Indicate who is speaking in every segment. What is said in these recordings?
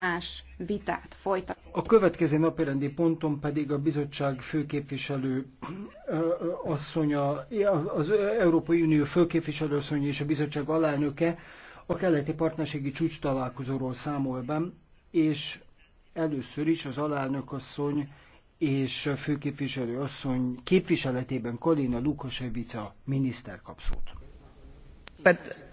Speaker 1: más vitát folytat.
Speaker 2: A következő napirendi ponton pedig a bizottság főképviselő asszonya, az Európai Unió főképviselő asszonya és a bizottság alelnöke a keleti partnerségi csúcs találkozóról számol be, és először is az alelnök asszony és a főképviselő asszony képviseletében Kalina Lukasevica miniszter kap szót.
Speaker 3: But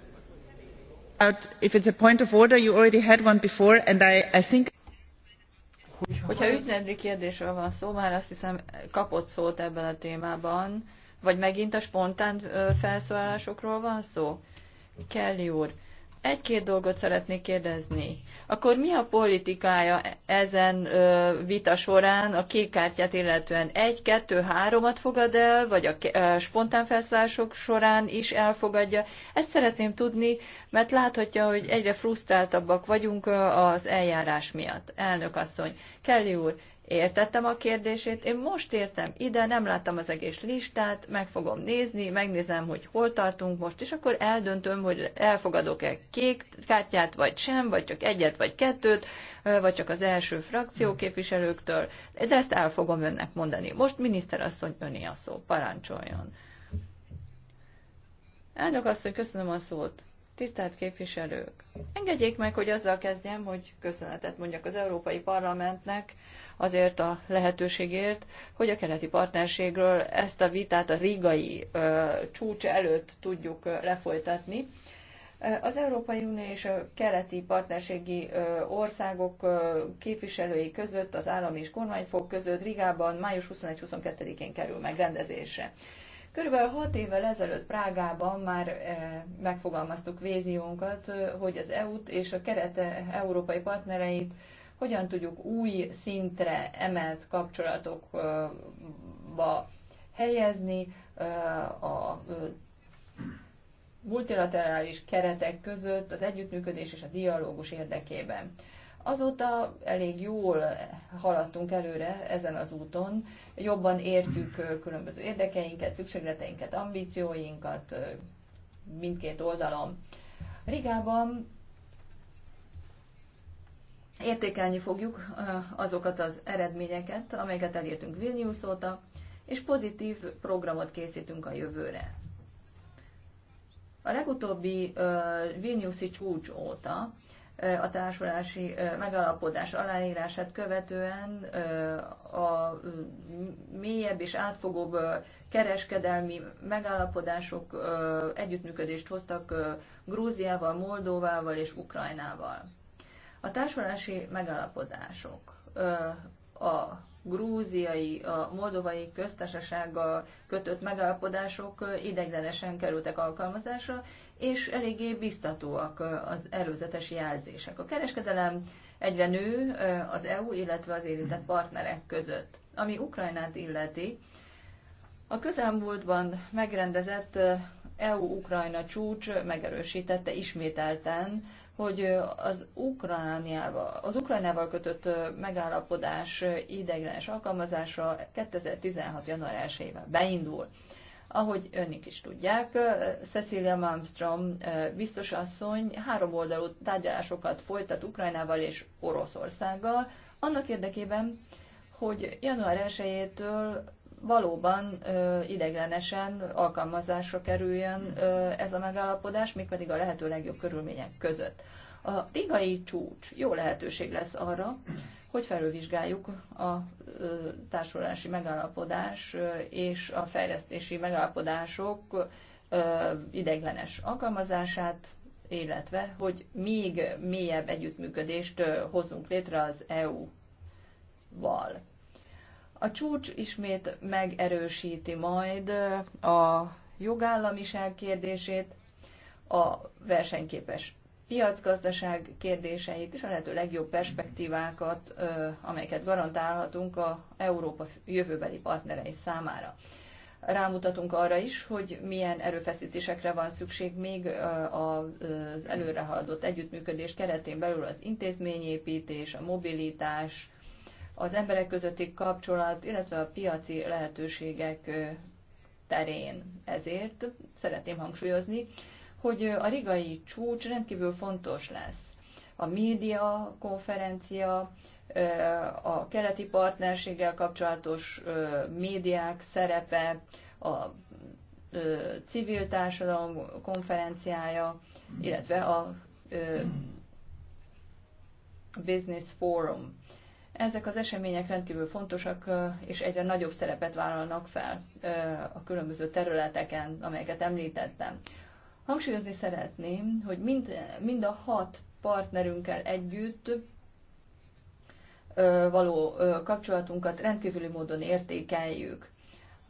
Speaker 4: Hogyha
Speaker 5: ügyrendi kérdésről van szó, már azt hiszem kapott szót ebben a témában, vagy megint a spontán felszólalásokról van szó? Kelly úr, egy-két dolgot szeretnék kérdezni. Akkor mi a politikája ezen ö, vita során a kék kártyát illetően? Egy, kettő, háromat fogad el, vagy a ö, spontán felszállások során is elfogadja? Ezt szeretném tudni, mert láthatja, hogy egyre frusztráltabbak vagyunk az eljárás miatt. Elnök asszony, Kelly úr, Értettem a kérdését, én most értem ide, nem láttam az egész listát, meg fogom nézni, megnézem, hogy hol tartunk most, és akkor eldöntöm, hogy elfogadok-e kék kártyát, vagy sem, vagy csak egyet, vagy kettőt, vagy csak az első frakció hm. képviselőktől, de ezt el fogom önnek mondani. Most miniszterasszony öné a szó, parancsoljon. Elnök asszony, köszönöm a szót. Tisztelt képviselők! Engedjék meg, hogy azzal kezdjem, hogy köszönetet mondjak az Európai Parlamentnek, azért a lehetőségért, hogy a keleti partnerségről ezt a vitát a rigai csúcs előtt tudjuk lefolytatni. Az Európai Unió és a keleti partnerségi országok képviselői között, az állam és kormányfog között Rigában május 21-22-én kerül megrendezésre. Körülbelül hat évvel ezelőtt Prágában már megfogalmaztuk víziónkat, hogy az EU-t és a kerete európai partnereit hogyan tudjuk új szintre emelt kapcsolatokba helyezni a multilaterális keretek között az együttműködés és a dialógus érdekében. Azóta elég jól haladtunk előre ezen az úton, jobban értjük különböző érdekeinket, szükségleteinket, ambícióinkat mindkét oldalon. Rigában értékelni fogjuk azokat az eredményeket, amelyeket elértünk Vilnius óta, és pozitív programot készítünk a jövőre. A legutóbbi Vilniuszi csúcs óta a társulási megalapodás aláírását követően a mélyebb és átfogóbb kereskedelmi megállapodások együttműködést hoztak Grúziával, Moldovával és Ukrajnával. A társulási megállapodások a grúziai, a moldovai köztársasággal kötött megállapodások ideiglenesen kerültek alkalmazásra, és eléggé biztatóak az előzetes jelzések. A kereskedelem egyre nő az EU, illetve az érintett partnerek között. Ami Ukrajnát illeti, a közelmúltban megrendezett EU-Ukrajna csúcs megerősítette ismételten hogy az Ukrajnával, az Ukrajnával kötött megállapodás ideiglenes alkalmazása 2016. január 1-ével beindul. Ahogy önök is tudják, Cecilia Malmström biztos asszony három oldalú tárgyalásokat folytat Ukrajnával és Oroszországgal, annak érdekében, hogy január 1-től valóban ö, ideglenesen alkalmazásra kerüljön ö, ez a megállapodás, pedig a lehető legjobb körülmények között. A rigai csúcs jó lehetőség lesz arra, hogy felülvizsgáljuk a ö, társulási megállapodás ö, és a fejlesztési megállapodások ö, ideglenes alkalmazását, illetve hogy még mélyebb együttműködést ö, hozzunk létre az EU-val. A csúcs ismét megerősíti majd a jogállamiság kérdését, a versenyképes piacgazdaság kérdéseit és a lehető legjobb perspektívákat, amelyeket garantálhatunk a Európa jövőbeli partnerei számára. Rámutatunk arra is, hogy milyen erőfeszítésekre van szükség még az előrehaladott együttműködés keretén belül az intézményépítés, a mobilitás, az emberek közötti kapcsolat, illetve a piaci lehetőségek terén. Ezért szeretném hangsúlyozni, hogy a rigai csúcs rendkívül fontos lesz. A média konferencia, a keleti partnerséggel kapcsolatos médiák szerepe, a civil társadalom konferenciája, illetve a Business Forum. Ezek az események rendkívül fontosak, és egyre nagyobb szerepet vállalnak fel a különböző területeken, amelyeket említettem. Hangsúlyozni szeretném, hogy mind, mind a hat partnerünkkel együtt való kapcsolatunkat rendkívüli módon értékeljük.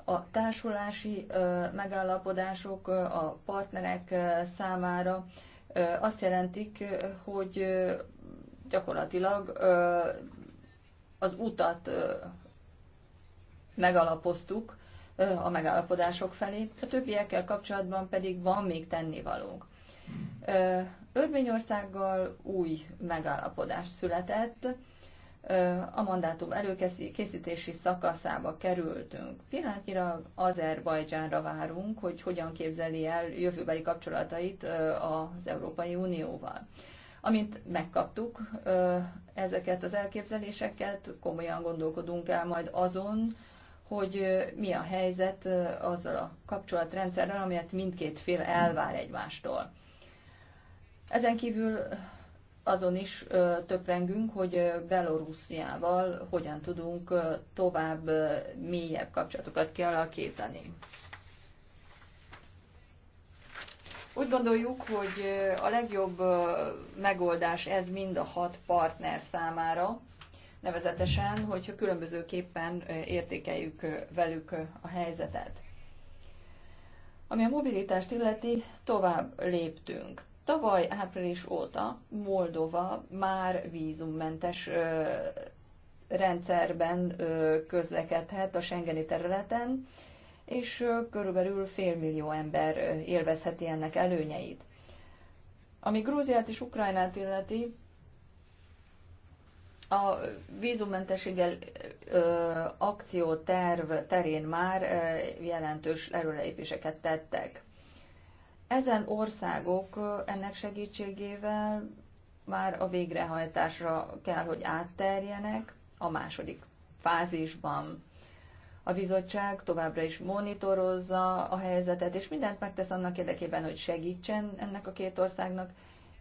Speaker 5: A társulási megállapodások a partnerek számára azt jelentik, hogy gyakorlatilag az utat megalapoztuk a megállapodások felé, a többiekkel kapcsolatban pedig van még tennivalónk. Örményországgal új megállapodás született, a mandátum előkészítési szakaszába kerültünk. Pillanatnyira Azerbajdzsánra várunk, hogy hogyan képzeli el jövőbeli kapcsolatait az Európai Unióval. Amint megkaptuk ezeket az elképzeléseket, komolyan gondolkodunk el majd azon, hogy mi a helyzet azzal a kapcsolatrendszerrel, amelyet mindkét fél elvár egymástól. Ezen kívül azon is töprengünk, hogy Belorussziával hogyan tudunk tovább mélyebb kapcsolatokat kialakítani. Úgy gondoljuk, hogy a legjobb megoldás ez mind a hat partner számára, nevezetesen, hogyha különbözőképpen értékeljük velük a helyzetet. Ami a mobilitást illeti, tovább léptünk. Tavaly április óta Moldova már vízummentes rendszerben közlekedhet a Schengeni területen, és körülbelül félmillió ember élvezheti ennek előnyeit. Ami Grúziát és Ukrajnát illeti, a vízummentességgel akcióterv terén már ö, jelentős erőleépéseket tettek. Ezen országok ö, ennek segítségével már a végrehajtásra kell, hogy átterjenek a második fázisban. A bizottság továbbra is monitorozza a helyzetet, és mindent megtesz annak érdekében, hogy segítsen ennek a két országnak,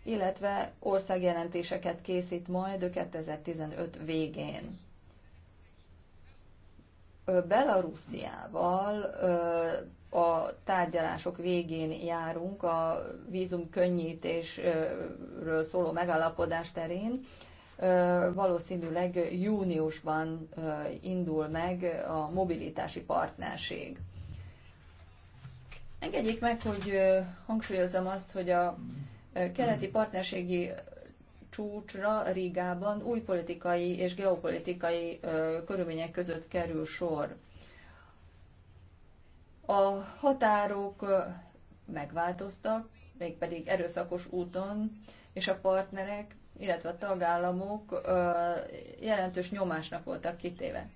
Speaker 5: illetve országjelentéseket készít majd 2015 végén. Belarusziával a tárgyalások végén járunk a vízum könnyítésről szóló megállapodás terén, valószínűleg júniusban indul meg a mobilitási partnerség. Engedjék meg, hogy hangsúlyozom azt, hogy a keleti partnerségi csúcsra Rigában új politikai és geopolitikai körülmények között kerül sor. A határok megváltoztak, mégpedig erőszakos úton, és a partnerek illetve a tagállamok jelentős nyomásnak voltak kitéve.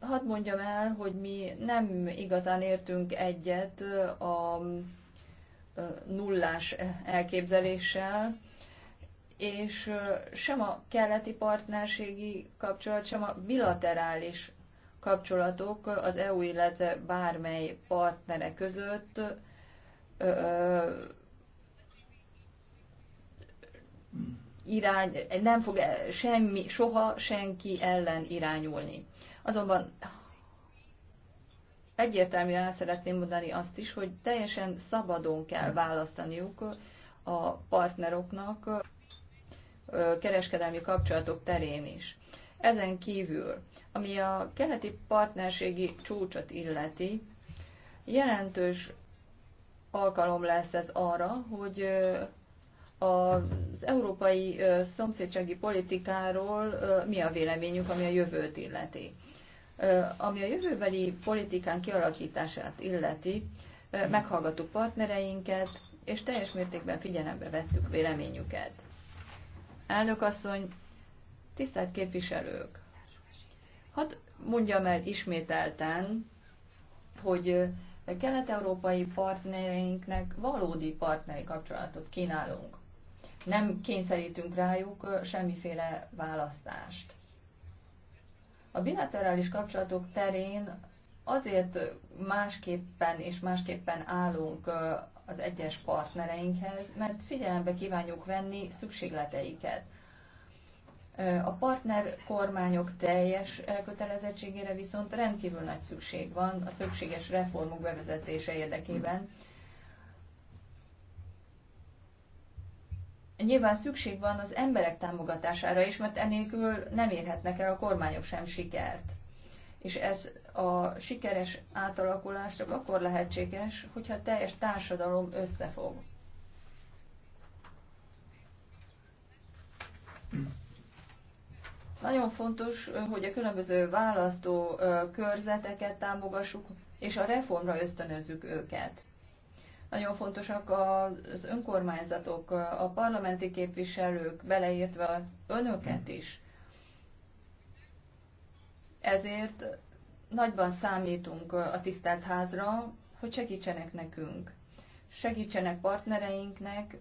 Speaker 5: Hadd mondjam el, hogy mi nem igazán értünk egyet a nullás elképzeléssel, és sem a keleti partnerségi kapcsolat, sem a bilaterális kapcsolatok az EU, illetve bármely partnere között irány, nem fog e- semmi, soha senki ellen irányulni. Azonban egyértelműen el szeretném mondani azt is, hogy teljesen szabadon kell választaniuk a partneroknak kereskedelmi kapcsolatok terén is. Ezen kívül, ami a keleti partnerségi csúcsot illeti, jelentős alkalom lesz ez arra, hogy az európai szomszédsági politikáról mi a véleményük, ami a jövőt illeti. Ami a jövőbeli politikán kialakítását illeti, meghallgattuk partnereinket, és teljes mértékben figyelembe vettük véleményüket. Elnök asszony, tisztelt képviselők! Hadd mondjam el ismételten, hogy kelet-európai partnereinknek valódi partneri kapcsolatot kínálunk nem kényszerítünk rájuk semmiféle választást. A bilaterális kapcsolatok terén azért másképpen és másképpen állunk az egyes partnereinkhez, mert figyelembe kívánjuk venni szükségleteiket. A partner kormányok teljes elkötelezettségére viszont rendkívül nagy szükség van a szükséges reformok bevezetése érdekében, nyilván szükség van az emberek támogatására is, mert enélkül nem érhetnek el a kormányok sem sikert. És ez a sikeres átalakulás csak akkor lehetséges, hogyha a teljes társadalom összefog. Nagyon fontos, hogy a különböző választó körzeteket támogassuk, és a reformra ösztönözzük őket. Nagyon fontosak az önkormányzatok, a parlamenti képviselők, beleértve önöket is. Ezért nagyban számítunk a tisztelt házra, hogy segítsenek nekünk, segítsenek partnereinknek,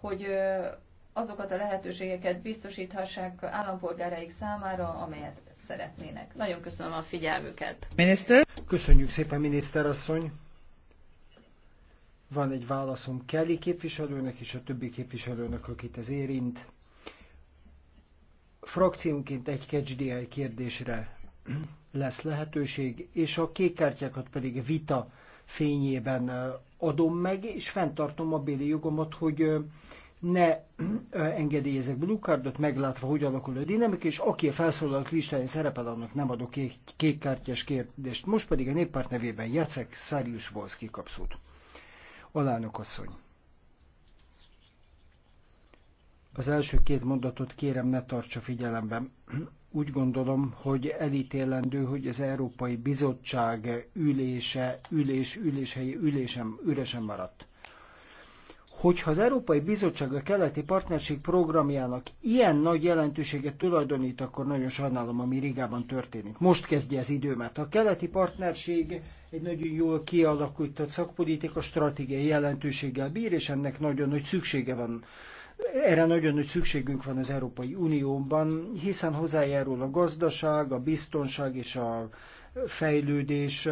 Speaker 5: hogy azokat a lehetőségeket biztosíthassák állampolgáraik számára, amelyet szeretnének. Nagyon köszönöm a figyelmüket.
Speaker 2: Miniszter. Köszönjük szépen, miniszterasszony. Van egy válaszom Kelly képviselőnek és a többi képviselőnek, akit ez érint. Frakciónként egy KCDI kérdésre lesz lehetőség, és a kék kártyákat pedig vita fényében adom meg, és fenntartom a béli jogomat, hogy ne engedélyezek blue meglátva, hogy alakul a dinamika, és aki a felszólalók listáján szerepel, annak nem adok kék, kékkártyás kérdést. Most pedig a néppárt nevében Jacek Szárius Volszki kapszót. Alánok asszony. Az első két mondatot kérem ne tartsa figyelemben. Úgy gondolom, hogy elítélendő, hogy az Európai Bizottság ülése, ülés, üléshelyi ülésem üresen maradt hogyha az Európai Bizottság a keleti partnerség programjának ilyen nagy jelentőséget tulajdonít, akkor nagyon sajnálom, ami Rigában történik. Most kezdje az időmet. A keleti partnerség egy nagyon jól kialakult szakpolitika stratégiai jelentőséggel bír, és ennek nagyon nagy szüksége van erre nagyon nagy szükségünk van az Európai Unióban, hiszen hozzájárul a gazdaság, a biztonság és a fejlődés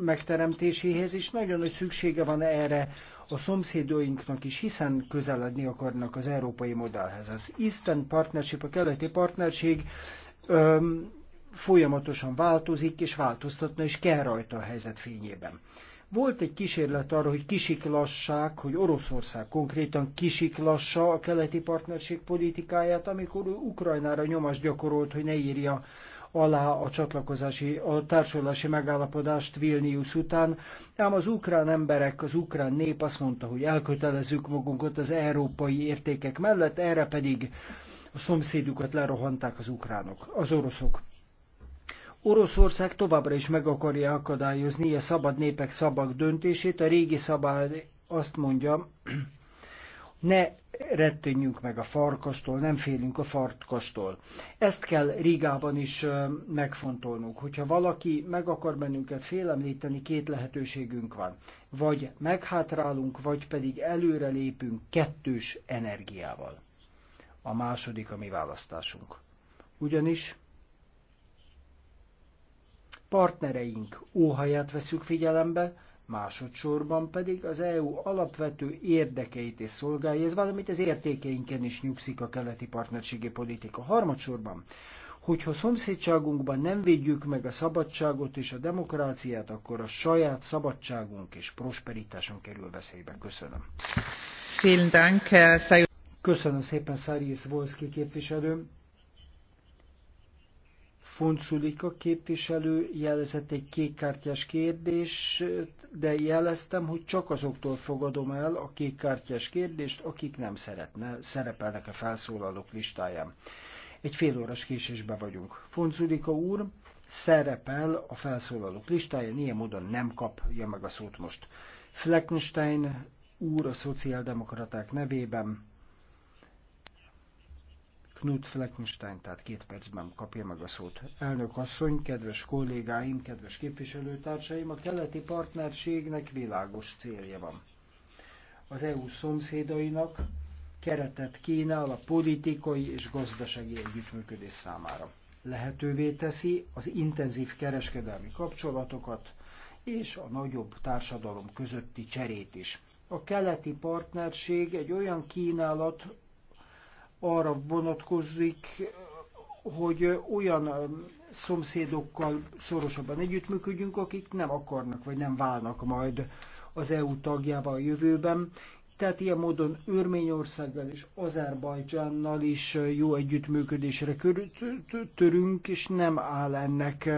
Speaker 2: megteremtéséhez, és nagyon nagy szüksége van erre a szomszédóinknak is, hiszen közeledni akarnak az európai modellhez. Az Eastern Partnership, a keleti partnerség folyamatosan változik, és változtatna is kell rajta a helyzet fényében. Volt egy kísérlet arra, hogy kisiklassák, hogy Oroszország konkrétan kisiklassa a keleti partnerség politikáját, amikor Ukrajnára nyomást gyakorolt, hogy ne írja alá a csatlakozási, a társulási megállapodást Vilnius után, ám az ukrán emberek, az ukrán nép azt mondta, hogy elkötelezzük magunkat az európai értékek mellett, erre pedig a szomszédukat lerohanták az ukránok, az oroszok. Oroszország továbbra is meg akarja akadályozni a szabad népek szabad döntését, a régi szabály azt mondja, ne rettenjünk meg a farkastól, nem félünk a farkastól. Ezt kell Rigában is megfontolnunk. Hogyha valaki meg akar bennünket félemlíteni, két lehetőségünk van. Vagy meghátrálunk, vagy pedig előrelépünk kettős energiával. A második a mi választásunk. Ugyanis partnereink óhaját veszük figyelembe, másodszorban pedig az EU alapvető érdekeit és szolgálja, ez valamit az értékeinken is nyugszik a keleti partnerségi politika. Harmadsorban, hogyha szomszédságunkban nem védjük meg a szabadságot és a demokráciát, akkor a saját szabadságunk és prosperitáson kerül veszélybe. Köszönöm. Köszönöm szépen, Szári Volszki képviselő. Fonsulika képviselő jelezett egy kékkártyás kérdést, de jeleztem, hogy csak azoktól fogadom el a kékkártyás kérdést, akik nem szeretne, szerepelnek a felszólalók listáján. Egy fél órás késésben vagyunk. Fonsulika úr szerepel a felszólalók listáján, ilyen módon nem kapja meg a szót most. Fleckenstein úr a szociáldemokraták nevében Knut Fleckenstein, tehát két percben kapja meg a szót. Elnök asszony, kedves kollégáim, kedves képviselőtársaim, a keleti partnerségnek világos célja van. Az EU szomszédainak keretet kínál a politikai és gazdasági együttműködés számára. Lehetővé teszi az intenzív kereskedelmi kapcsolatokat és a nagyobb társadalom közötti cserét is. A keleti partnerség egy olyan kínálat, arra vonatkozik, hogy olyan szomszédokkal szorosabban együttműködjünk, akik nem akarnak vagy nem válnak majd az EU tagjával a jövőben. Tehát ilyen módon Örményországgal és Azerbajdzsánnal is jó együttműködésre törünk, és nem áll ennek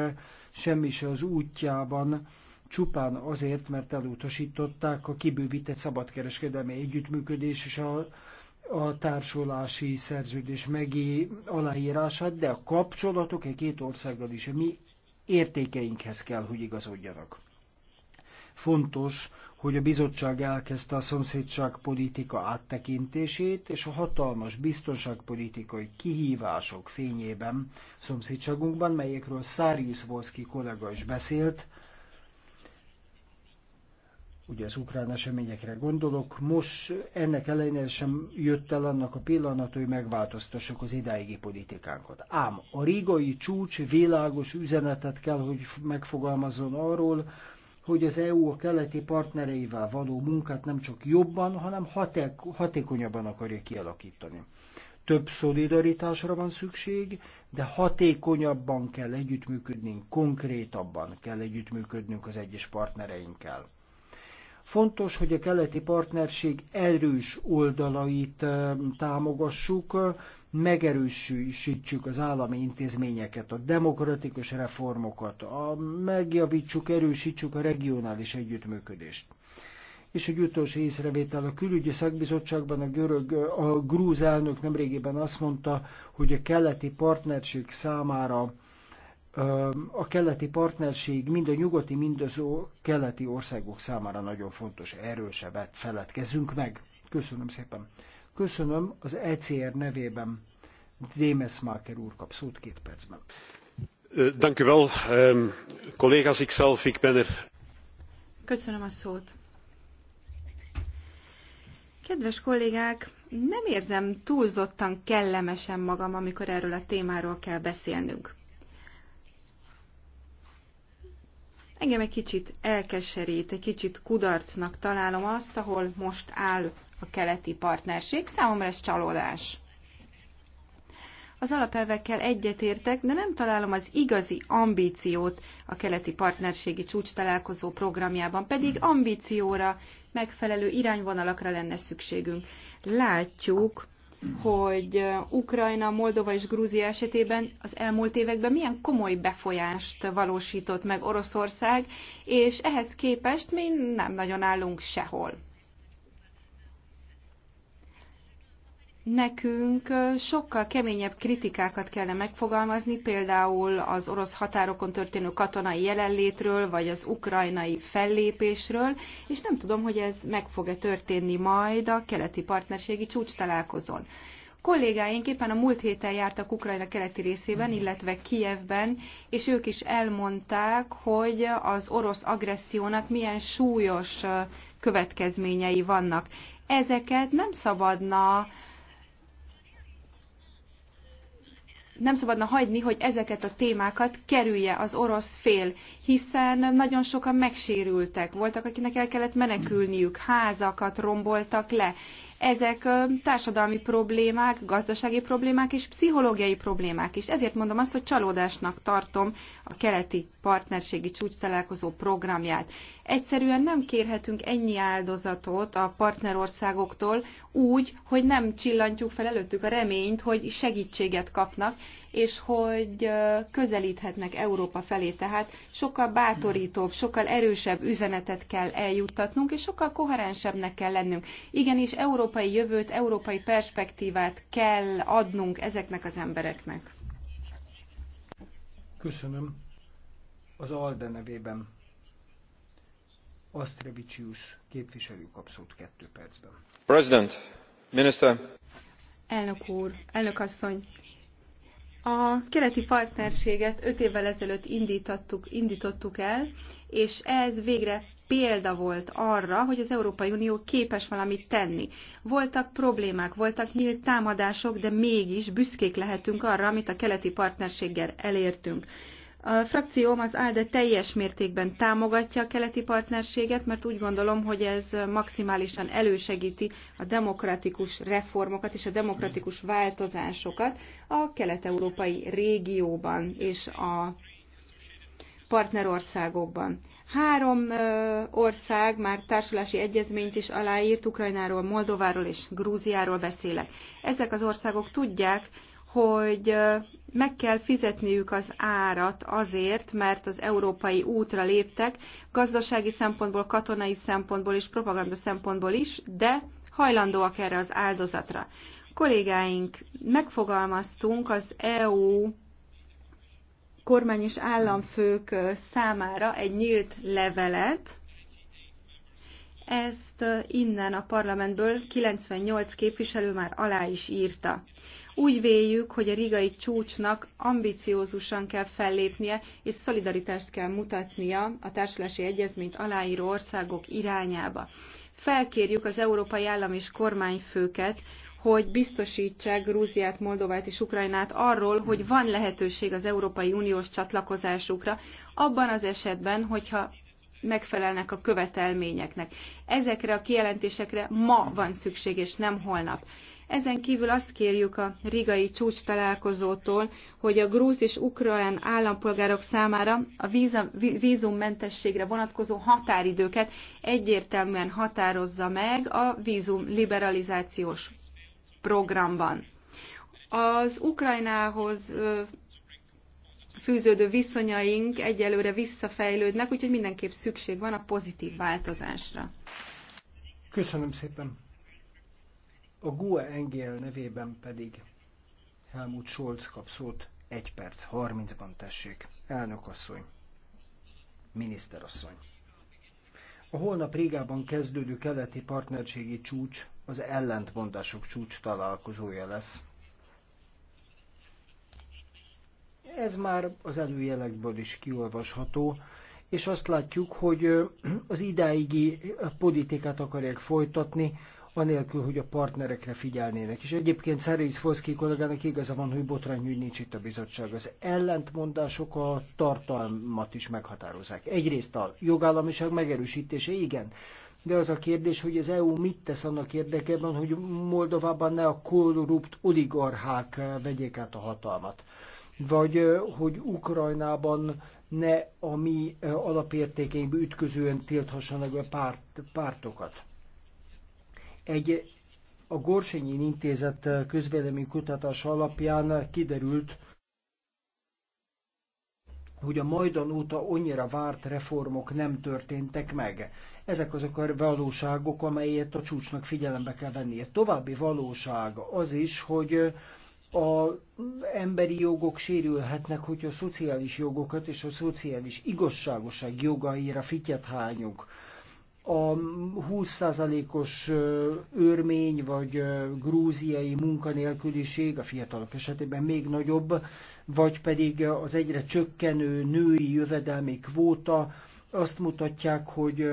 Speaker 2: semmi se az útjában, csupán azért, mert elutasították a kibővített szabadkereskedelmi együttműködés és a a társulási szerződés megé aláírását, de a kapcsolatok egy két országgal is a mi értékeinkhez kell, hogy igazodjanak. Fontos, hogy a bizottság elkezdte a szomszédságpolitika áttekintését, és a hatalmas biztonságpolitikai kihívások fényében szomszédságunkban, melyekről Száriusz Volszki kollega is beszélt, ugye az ukrán eseményekre gondolok, most ennek ellenére sem jött el annak a pillanat, hogy megváltoztassuk az idáigi politikánkat. Ám a rigai csúcs világos üzenetet kell, hogy megfogalmazzon arról, hogy az EU a keleti partnereivel való munkát nem csak jobban, hanem haték, hatékonyabban akarja kialakítani. Több szolidaritásra van szükség, de hatékonyabban kell együttműködnünk, konkrétabban kell együttműködnünk az egyes partnereinkkel. Fontos, hogy a keleti partnerség erős oldalait támogassuk, megerősítsük az állami intézményeket, a demokratikus reformokat, a, megjavítsuk, erősítsük a regionális együttműködést. És egy utolsó észrevétel, a külügyi szakbizottságban a, görög, a grúz elnök nemrégiben azt mondta, hogy a keleti partnerség számára a keleti partnerség mind a nyugati, mind az keleti országok számára nagyon fontos. erősebbet feledkezünk meg. Köszönöm szépen. Köszönöm az ECR nevében. Démes Máker úr kap szót két percben.
Speaker 6: Dank u wel. Ehm, collega's, ikzelf, ik ben er.
Speaker 5: Köszönöm
Speaker 1: a szót. Kedves kollégák, nem érzem túlzottan kellemesen magam, amikor erről a témáról kell beszélnünk. Engem egy kicsit elkeserít, egy kicsit kudarcnak találom azt, ahol most áll a keleti partnerség. Számomra ez csalódás. Az alapelvekkel egyetértek, de nem találom az igazi ambíciót a keleti partnerségi csúcs találkozó programjában, pedig ambícióra, megfelelő irányvonalakra lenne szükségünk. Látjuk, hogy Ukrajna, Moldova és Grúzia esetében az elmúlt években milyen komoly befolyást valósított meg Oroszország, és ehhez képest mi nem nagyon állunk sehol. Nekünk sokkal keményebb kritikákat kellene megfogalmazni, például az orosz határokon történő katonai jelenlétről, vagy az ukrajnai fellépésről, és nem tudom, hogy ez meg fog-e történni majd a keleti partnerségi csúcs találkozón. Kollégáink éppen a múlt héten jártak Ukrajna keleti részében, illetve Kijevben, és ők is elmondták, hogy az orosz agressziónak milyen súlyos következményei vannak. Ezeket nem szabadna nem szabadna hagyni, hogy ezeket a témákat kerülje az orosz fél, hiszen nagyon sokan megsérültek, voltak, akinek el kellett menekülniük, házakat romboltak le, ezek társadalmi problémák, gazdasági problémák és pszichológiai problémák is. Ezért mondom azt, hogy csalódásnak tartom a keleti partnerségi csúcs találkozó programját. Egyszerűen nem kérhetünk ennyi áldozatot a partnerországoktól úgy, hogy nem csillantjuk fel előttük a reményt, hogy segítséget kapnak, és hogy közelíthetnek Európa felé. Tehát sokkal bátorítóbb, sokkal erősebb üzenetet kell eljuttatnunk, és sokkal koherensebbnek kell lennünk. Igenis, európai jövőt, európai perspektívát kell adnunk ezeknek az embereknek.
Speaker 2: Köszönöm. Az ALDE nevében Astrevicius képviselő kapszót kettő percben.
Speaker 6: President, Minister.
Speaker 1: Elnök úr, elnök asszony, a keleti partnerséget öt évvel ezelőtt indítottuk, indítottuk el, és ez végre példa volt arra, hogy az Európai Unió képes valamit tenni. Voltak problémák, voltak nyílt támadások, de mégis büszkék lehetünk arra, amit a keleti partnerséggel elértünk. A frakcióm az ALDE teljes mértékben támogatja a keleti partnerséget, mert úgy gondolom, hogy ez maximálisan elősegíti a demokratikus reformokat és a demokratikus változásokat a kelet-európai régióban és a partnerországokban. Három ország már társulási egyezményt is aláírt, Ukrajnáról, Moldováról és Grúziáról beszélek. Ezek az országok tudják, hogy meg kell fizetniük az árat azért, mert az európai útra léptek, gazdasági szempontból, katonai szempontból és propaganda szempontból is, de hajlandóak erre az áldozatra. Kollégáink, megfogalmaztunk az EU kormány és államfők számára egy nyílt levelet, ezt innen a parlamentből 98 képviselő már alá is írta. Úgy véljük, hogy a rigai csúcsnak ambiciózusan kell fellépnie, és szolidaritást kell mutatnia a társulási egyezményt aláíró országok irányába. Felkérjük az európai állam és kormányfőket, hogy biztosítsák Grúziát, Moldovát és Ukrajnát arról, hogy van lehetőség az Európai Uniós csatlakozásukra, abban az esetben, hogyha megfelelnek a követelményeknek. Ezekre a kijelentésekre ma van szükség, és nem holnap. Ezen kívül azt kérjük a rigai csúcs találkozótól, hogy a grúz és ukrán állampolgárok számára a vízummentességre vonatkozó határidőket egyértelműen határozza meg a vízum liberalizációs programban. Az Ukrajnához fűződő viszonyaink egyelőre visszafejlődnek, úgyhogy mindenképp szükség van a pozitív
Speaker 6: változásra. Köszönöm szépen.
Speaker 2: A GUE Engel nevében pedig Helmut Scholz kap szót 1 perc 30-ban tessék. Elnök asszony. Miniszter asszony. A holnap Rigában kezdődő keleti partnerségi csúcs az ellentmondások csúcs találkozója lesz,
Speaker 7: Ez már az
Speaker 2: előjelekből is kiolvasható, és azt látjuk, hogy az idáigi politikát akarják folytatni, anélkül, hogy a partnerekre figyelnének. És egyébként Szerész Foszki kollégának igaza van, hogy botrányügy nincs itt a bizottság. Az ellentmondások a tartalmat is meghatározzák. Egyrészt a jogállamiság megerősítése, igen, de az a kérdés, hogy az EU mit tesz annak érdekében, hogy Moldovában ne a korrupt oligarchák vegyék át a hatalmat vagy hogy Ukrajnában ne a mi alapértékeinkbe ütközően tilthassanak be párt, pártokat. Egy a Gorsenyin Intézet közvélemény kutatása alapján kiderült, hogy a Majdan óta annyira várt reformok nem történtek meg. Ezek azok a valóságok, amelyet a csúcsnak figyelembe kell vennie. További valóság az is, hogy a emberi jogok sérülhetnek, hogyha a szociális jogokat és a szociális igazságoság jogaira fityet hányunk. A 20%-os örmény vagy grúziai munkanélküliség a fiatalok esetében még nagyobb, vagy pedig az egyre csökkenő női jövedelmi kvóta azt mutatják, hogy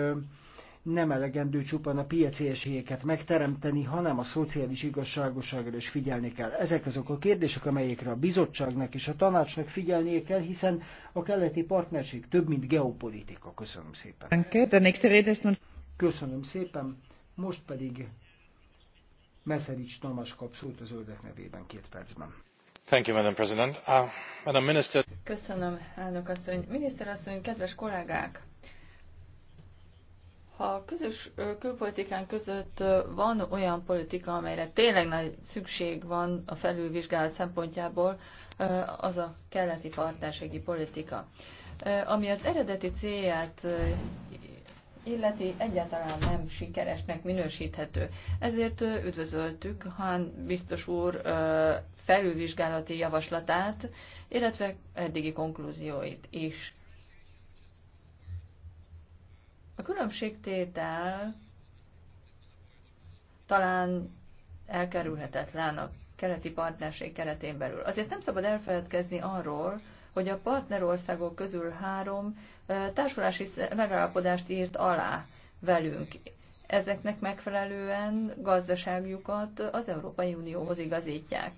Speaker 2: nem elegendő csupán a piaci esélyeket megteremteni, hanem a szociális igazságoságra is figyelni kell. Ezek azok a kérdések, amelyekre a bizottságnak és a tanácsnak figyelnie kell, hiszen a keleti partnerség több, mint geopolitika. Köszönöm
Speaker 4: szépen.
Speaker 2: Köszönöm szépen. Most pedig Meszerics Tamás kap szót a zöldek nevében két percben.
Speaker 8: Thank you, Madam President. Uh, Madam Minister... Köszönöm,
Speaker 5: elnök asszony. Miniszter asszony, kedves kollégák! Ha közös külpolitikán között van olyan politika, amelyre tényleg nagy szükség van a felülvizsgálat szempontjából, az a keleti partnerségi politika. Ami az eredeti célját illeti, egyáltalán nem sikeresnek minősíthető. Ezért üdvözöltük Hán biztos úr felülvizsgálati javaslatát, illetve eddigi konklúzióit is. A különbségtétel talán elkerülhetetlen a keleti partnerség keretén belül. Azért nem szabad elfeledkezni arról, hogy a partnerországok közül három társulási megállapodást írt alá velünk. Ezeknek megfelelően gazdaságjukat az Európai Unióhoz igazítják.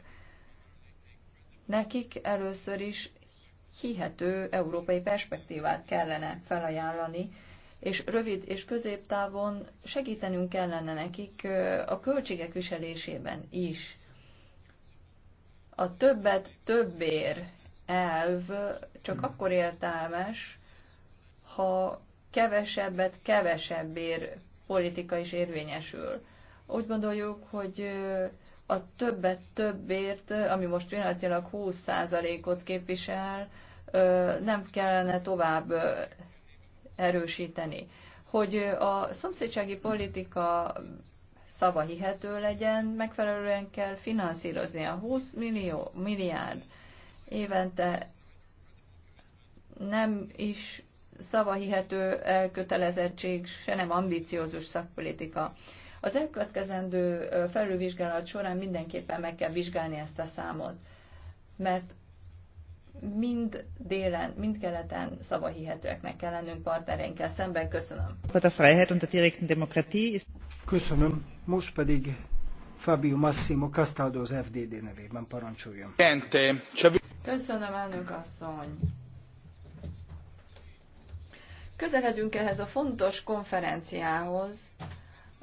Speaker 5: Nekik először is hihető európai perspektívát kellene felajánlani, és rövid és középtávon segítenünk kellene nekik a költségek viselésében is. A többet többér elv csak akkor értelmes, ha kevesebbet kevesebbér politika is érvényesül. Úgy gondoljuk, hogy a többet többért, ami most pillanatilag 20%-ot képvisel, nem kellene tovább erősíteni. Hogy a szomszédsági politika szava hihető legyen, megfelelően kell finanszírozni a 20 millió, milliárd évente nem is szavahihető elkötelezettség, se nem ambiciózus szakpolitika. Az elkövetkezendő felülvizsgálat során mindenképpen meg kell vizsgálni ezt a számot, mert mind délen, mind keleten szavahihetőeknek kell lennünk partnereinkkel szemben. Köszönöm.
Speaker 4: A Freiheit und
Speaker 2: a direkten Demokratie ist... Köszönöm. Most pedig Fabio Massimo Castaldo az FDD nevében parancsoljon.
Speaker 5: Köszönöm, elnök asszony. Közeledünk ehhez a fontos konferenciához,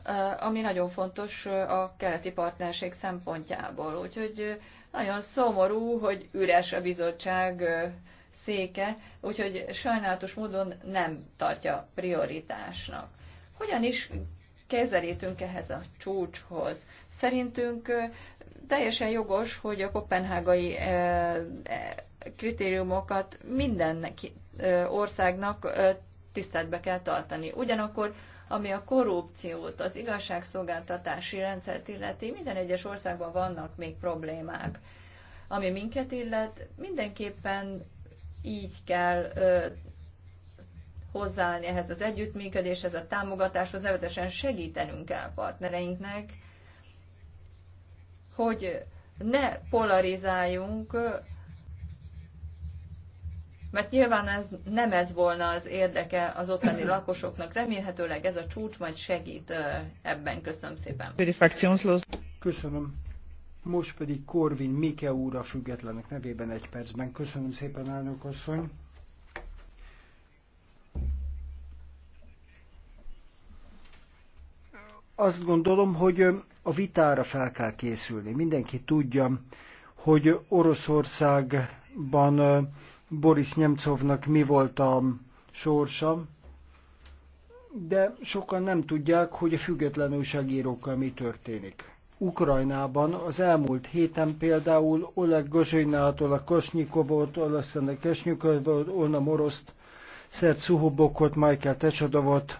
Speaker 5: eh, ami nagyon fontos eh, a keleti partnerség szempontjából. Úgyhogy eh, nagyon szomorú, hogy üres a bizottság széke, úgyhogy sajnálatos módon nem tartja prioritásnak. Hogyan is kezelítünk ehhez a csúcshoz? Szerintünk teljesen jogos, hogy a kopenhágai e, kritériumokat minden országnak tiszteletbe kell tartani. Ugyanakkor ami a korrupciót, az igazságszolgáltatási rendszert illeti, minden egyes országban vannak még problémák. Ami minket illet, mindenképpen így kell ö, hozzáállni ehhez az együttműködéshez, a támogatáshoz, nevetesen segítenünk kell partnereinknek, hogy ne polarizáljunk mert nyilván ez, nem ez volna az érdeke az ottani lakosoknak. Remélhetőleg ez a csúcs majd segít ebben. Köszönöm szépen.
Speaker 2: Köszönöm. Most pedig Korvin Mike úr a függetlenek nevében egy percben. Köszönöm szépen, elnök asszony. Azt gondolom, hogy a vitára fel kell készülni. Mindenki tudja, hogy Oroszországban Boris Nemcovnak mi volt a sorsa, de sokan nem tudják, hogy a független újságírókkal mi történik. Ukrajnában az elmúlt héten például Oleg Gozsinától a Kosnyikovot, a Kesnyikovot, Olna Moroszt, Szert Szuhobokot, Michael Tecsodovot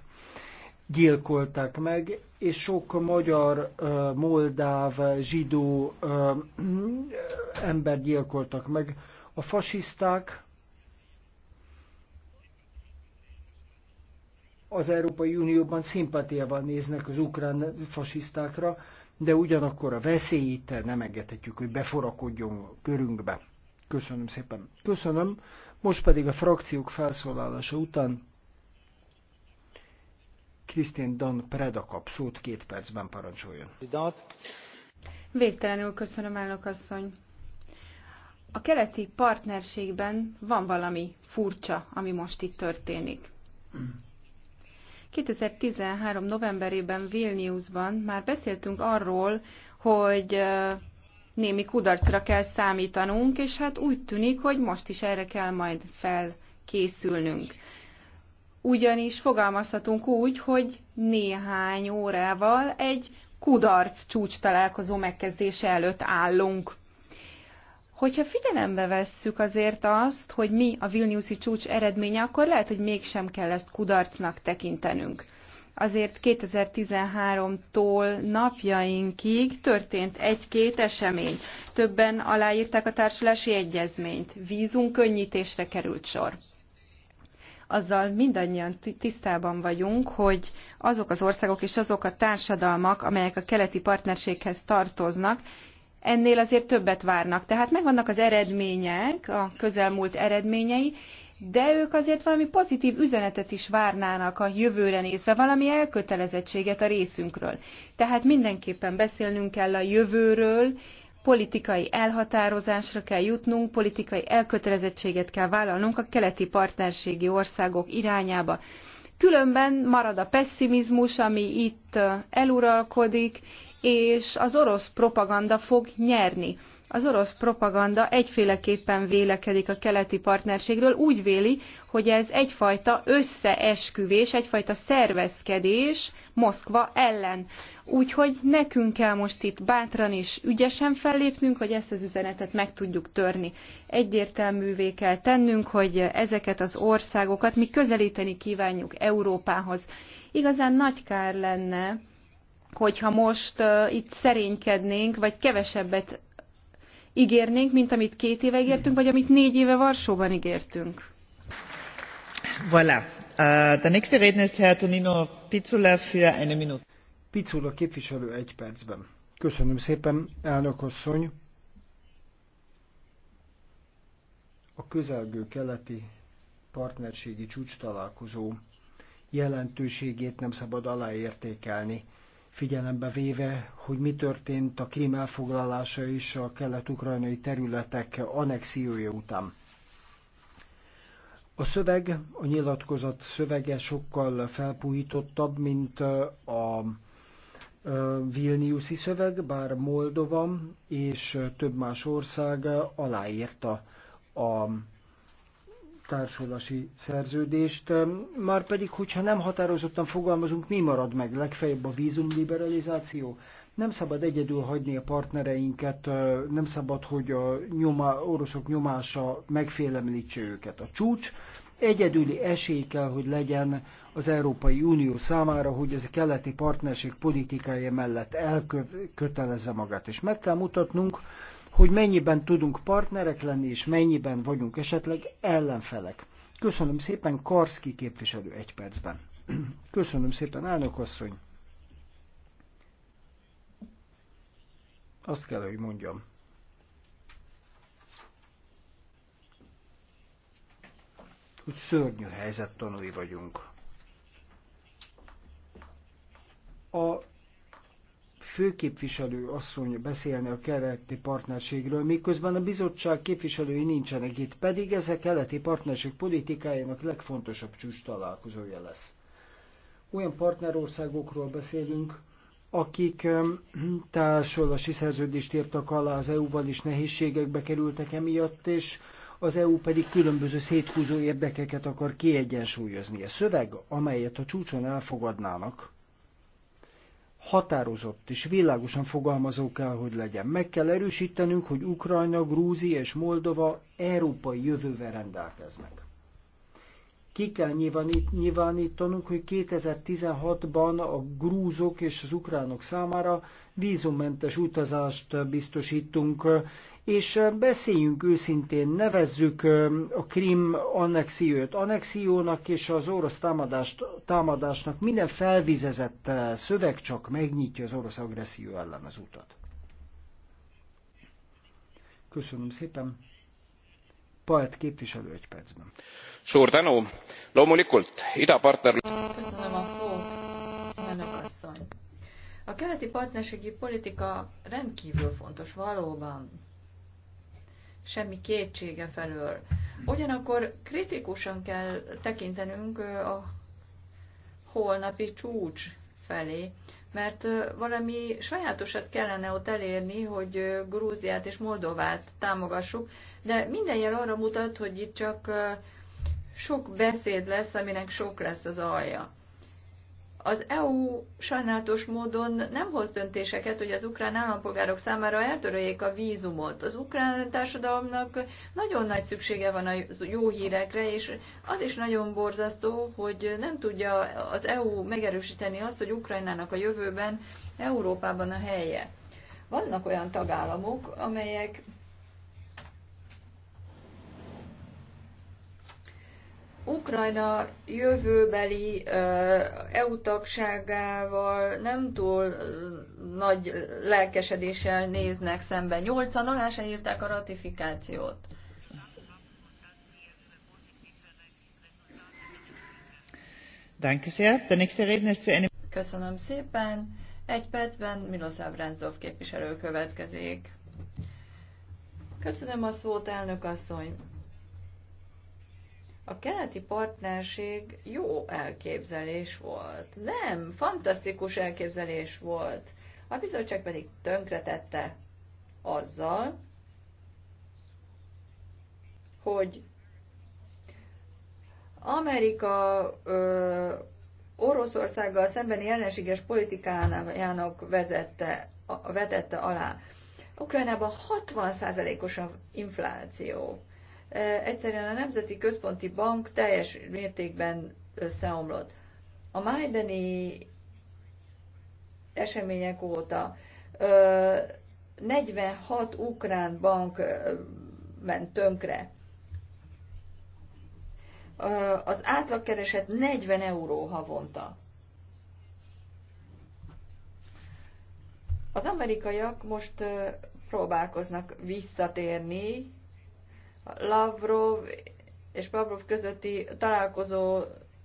Speaker 2: gyilkolták meg, és sok magyar, moldáv, zsidó ember gyilkoltak meg. A fasiszták az Európai Unióban szimpatiával néznek az ukrán fasisztákra, de ugyanakkor a veszélyt nem engedhetjük, hogy beforakodjon körünkbe. Köszönöm szépen. Köszönöm. Most pedig a frakciók felszólalása után Krisztin Dan Preda kap szót két percben parancsoljon.
Speaker 1: Végtelenül köszönöm, elnök asszony a keleti partnerségben van valami furcsa, ami most itt történik. 2013. novemberében Vilniusban már beszéltünk arról, hogy némi kudarcra kell számítanunk, és hát úgy tűnik, hogy most is erre kell majd felkészülnünk. Ugyanis fogalmazhatunk úgy, hogy néhány órával egy kudarc csúcs találkozó megkezdése előtt állunk. Hogyha figyelembe vesszük azért azt, hogy mi a Vilniuszi csúcs eredménye, akkor lehet, hogy mégsem kell ezt kudarcnak tekintenünk. Azért 2013-tól napjainkig történt egy-két esemény. Többen aláírták a társulási egyezményt. Vízunk könnyítésre került sor azzal mindannyian tisztában vagyunk, hogy azok az országok és azok a társadalmak, amelyek a keleti partnerséghez tartoznak, ennél azért többet várnak. Tehát megvannak az eredmények, a közelmúlt eredményei, de ők azért valami pozitív üzenetet is várnának a jövőre nézve, valami elkötelezettséget a részünkről. Tehát mindenképpen beszélnünk kell a jövőről, politikai elhatározásra kell jutnunk, politikai elkötelezettséget kell vállalnunk a keleti partnerségi országok irányába. Különben marad a pessimizmus, ami itt eluralkodik, és az orosz propaganda fog nyerni. Az orosz propaganda egyféleképpen vélekedik a keleti partnerségről, úgy véli, hogy ez egyfajta összeesküvés, egyfajta szervezkedés Moszkva ellen. Úgyhogy nekünk kell most itt bátran és ügyesen fellépnünk, hogy ezt az üzenetet meg tudjuk törni. Egyértelművé kell tennünk, hogy ezeket az országokat mi közelíteni kívánjuk Európához. Igazán nagy kár lenne, hogyha most uh, itt szerénykednénk, vagy kevesebbet ígérnénk, mint amit két éve ígértünk, vagy amit négy éve Varsóban ígértünk.
Speaker 3: Voilà. Uh, der nächste Redner ist Herr Tonino Pizzula
Speaker 2: für eine Minute. Pizzula képviselő egy percben. Köszönöm szépen, elnök asszony. A közelgő keleti partnerségi csúcs találkozó jelentőségét nem szabad aláértékelni figyelembe véve, hogy mi történt a Krím elfoglalása és a kelet-ukrajnai területek anexiója után. A szöveg, a nyilatkozat szövege sokkal felpújítottabb, mint a Vilniuszi szöveg, bár Moldova és több más ország aláírta a társulási szerződést, már pedig, hogyha nem határozottan fogalmazunk, mi marad meg? Legfeljebb a vízumliberalizáció? Nem szabad egyedül hagyni a partnereinket, nem szabad, hogy a nyoma, oroszok nyomása megfélemlítse őket. A csúcs egyedüli esély kell, hogy legyen az Európai Unió számára, hogy ez a keleti partnerség politikája mellett elkötelezze magát. És meg kell mutatnunk, hogy mennyiben tudunk partnerek lenni, és mennyiben vagyunk esetleg ellenfelek. Köszönöm szépen, Karszki képviselő egy percben. Köszönöm szépen, elnök
Speaker 6: asszony. Azt kell, hogy mondjam.
Speaker 2: Hogy szörnyű helyzet tanúi vagyunk. A főképviselő asszony beszélni a keleti partnerségről, miközben a bizottság képviselői nincsenek itt, pedig ez a keleti partnerség politikájának legfontosabb csúcs találkozója lesz. Olyan partnerországokról beszélünk, akik társulási szerződést írtak alá az EU-val is nehézségekbe kerültek emiatt, és az EU pedig különböző széthúzó érdekeket akar kiegyensúlyozni. A szöveg, amelyet a csúcson elfogadnának, határozott és világosan fogalmazó kell, hogy legyen. Meg kell erősítenünk, hogy Ukrajna, Grúzia és Moldova európai jövővel rendelkeznek ki kell nyilvánít, nyilvánítanunk, hogy 2016-ban a grúzok és az ukránok számára vízummentes utazást biztosítunk, és beszéljünk őszintén, nevezzük a Krim annexiót annexiónak és az orosz támadást, támadásnak minden felvizezett szöveg csak megnyitja az orosz agresszió ellen az utat. Köszönöm szépen. Pajt képviselő egy percben
Speaker 8: loomulikult idapartnerlus.
Speaker 5: a keleti partnerségi politika rendkívül fontos valóban. Semmi kétsége felől. Ugyanakkor kritikusan kell tekintenünk a holnapi csúcs felé, mert valami sajátosat kellene ott elérni, hogy Grúziát és Moldovát támogassuk, de minden jel arra mutat, hogy itt csak sok beszéd lesz, aminek sok lesz az alja. Az EU sajnálatos módon nem hoz döntéseket, hogy az ukrán állampolgárok számára eltöröljék a vízumot. Az ukrán társadalomnak nagyon nagy szüksége van a jó hírekre, és az is nagyon borzasztó, hogy nem tudja az EU megerősíteni azt, hogy Ukrajnának a jövőben Európában a helye. Vannak olyan tagállamok, amelyek Ukrajna jövőbeli EU tagságával nem túl nagy lelkesedéssel néznek szembe. Nyolcan alá se írták a ratifikációt. Köszönöm szépen. Egy percben Miloszáv Ránzdorf képviselő következik. Köszönöm a szót, elnök asszony. A keleti partnerség jó elképzelés volt. Nem, fantasztikus elképzelés volt. A bizottság pedig tönkretette azzal, hogy Amerika ö, Oroszországgal szembeni ellenséges politikájának vezette, vetette alá. Ukrajnában 60%-os a infláció egyszerűen a Nemzeti Központi Bank teljes mértékben összeomlott. A Majdani események óta 46 ukrán bank ment tönkre. Az átlagkereset 40 euró havonta. Az amerikaiak most próbálkoznak visszatérni Lavrov és Pavlov közötti találkozó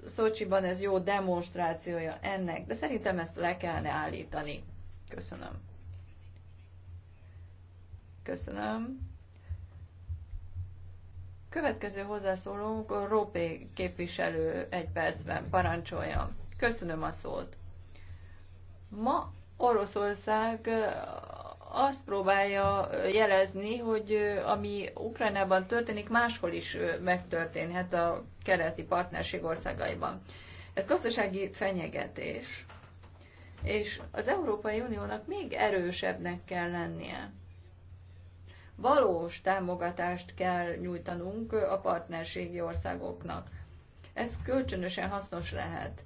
Speaker 5: Szocsiban ez jó demonstrációja ennek, de szerintem ezt le kellene állítani. Köszönöm. Köszönöm. Következő hozzászólónk a Rópé képviselő egy percben parancsolja. Köszönöm a szót. Ma Oroszország azt próbálja jelezni, hogy ami Ukrajnában történik, máshol is megtörténhet a keleti partnerség országaiban. Ez gazdasági fenyegetés. És az Európai Uniónak még erősebbnek kell lennie. Valós támogatást kell nyújtanunk a partnerségi országoknak. Ez kölcsönösen hasznos lehet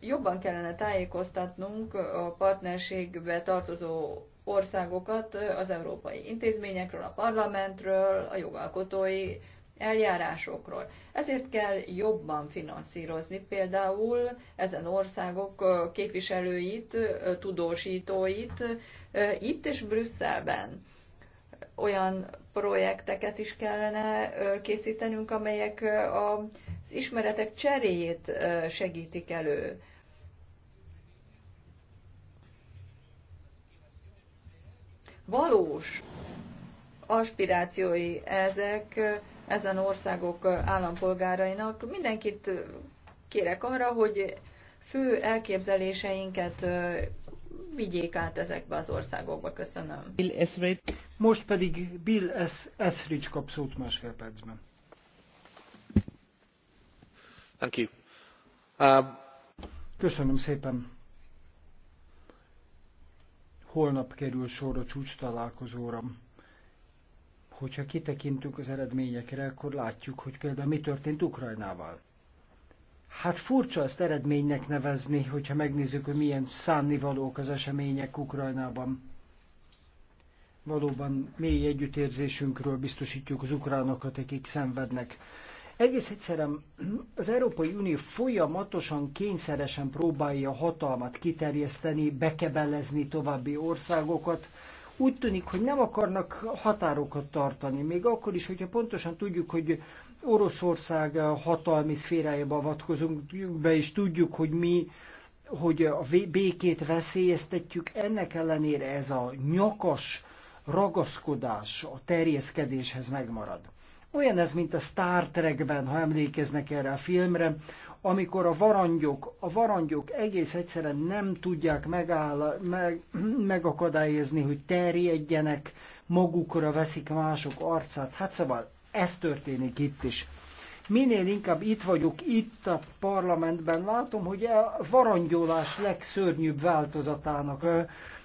Speaker 5: jobban kellene tájékoztatnunk a partnerségbe tartozó országokat az európai intézményekről, a parlamentről, a jogalkotói eljárásokról. Ezért kell jobban finanszírozni például ezen országok képviselőit, tudósítóit itt és Brüsszelben. Olyan projekteket is kellene készítenünk, amelyek az ismeretek cseréjét segítik elő valós aspirációi ezek ezen országok állampolgárainak. Mindenkit kérek arra, hogy fő elképzeléseinket vigyék át ezekbe az országokba. Köszönöm.
Speaker 3: Bill Etheridge.
Speaker 2: Most pedig Bill S. Etheridge kap szót másfél percben. Thank you. Um... Köszönöm szépen. Holnap kerül sor a csúcs találkozóra. Hogyha kitekintünk az eredményekre, akkor látjuk, hogy például mi történt Ukrajnával. Hát furcsa ezt eredménynek nevezni, hogyha megnézzük, hogy milyen szánnivalók az események Ukrajnában. Valóban mély együttérzésünkről biztosítjuk az ukránokat, akik szenvednek. Egész egyszerűen az Európai Unió folyamatosan kényszeresen próbálja a hatalmat kiterjeszteni, bekebelezni további országokat. Úgy tűnik, hogy nem akarnak határokat tartani, még akkor is, hogyha pontosan tudjuk, hogy Oroszország hatalmi szférájába avatkozunk be, és tudjuk, hogy mi hogy a békét veszélyeztetjük, ennek ellenére ez a nyakas ragaszkodás a terjeszkedéshez megmarad. Olyan ez, mint a Star Trekben, ha emlékeznek erre a filmre, amikor a varangyok, a varangyok egész egyszerűen nem tudják megáll, meg, megakadályozni, hogy terjedjenek, magukra veszik mások arcát. Hát szóval ez történik itt is. Minél inkább itt vagyok, itt a parlamentben látom, hogy a varangyolás legszörnyűbb változatának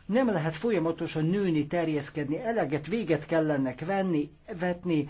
Speaker 2: nem lehet folyamatosan nőni, terjeszkedni, eleget, véget kell ennek venni, vetni,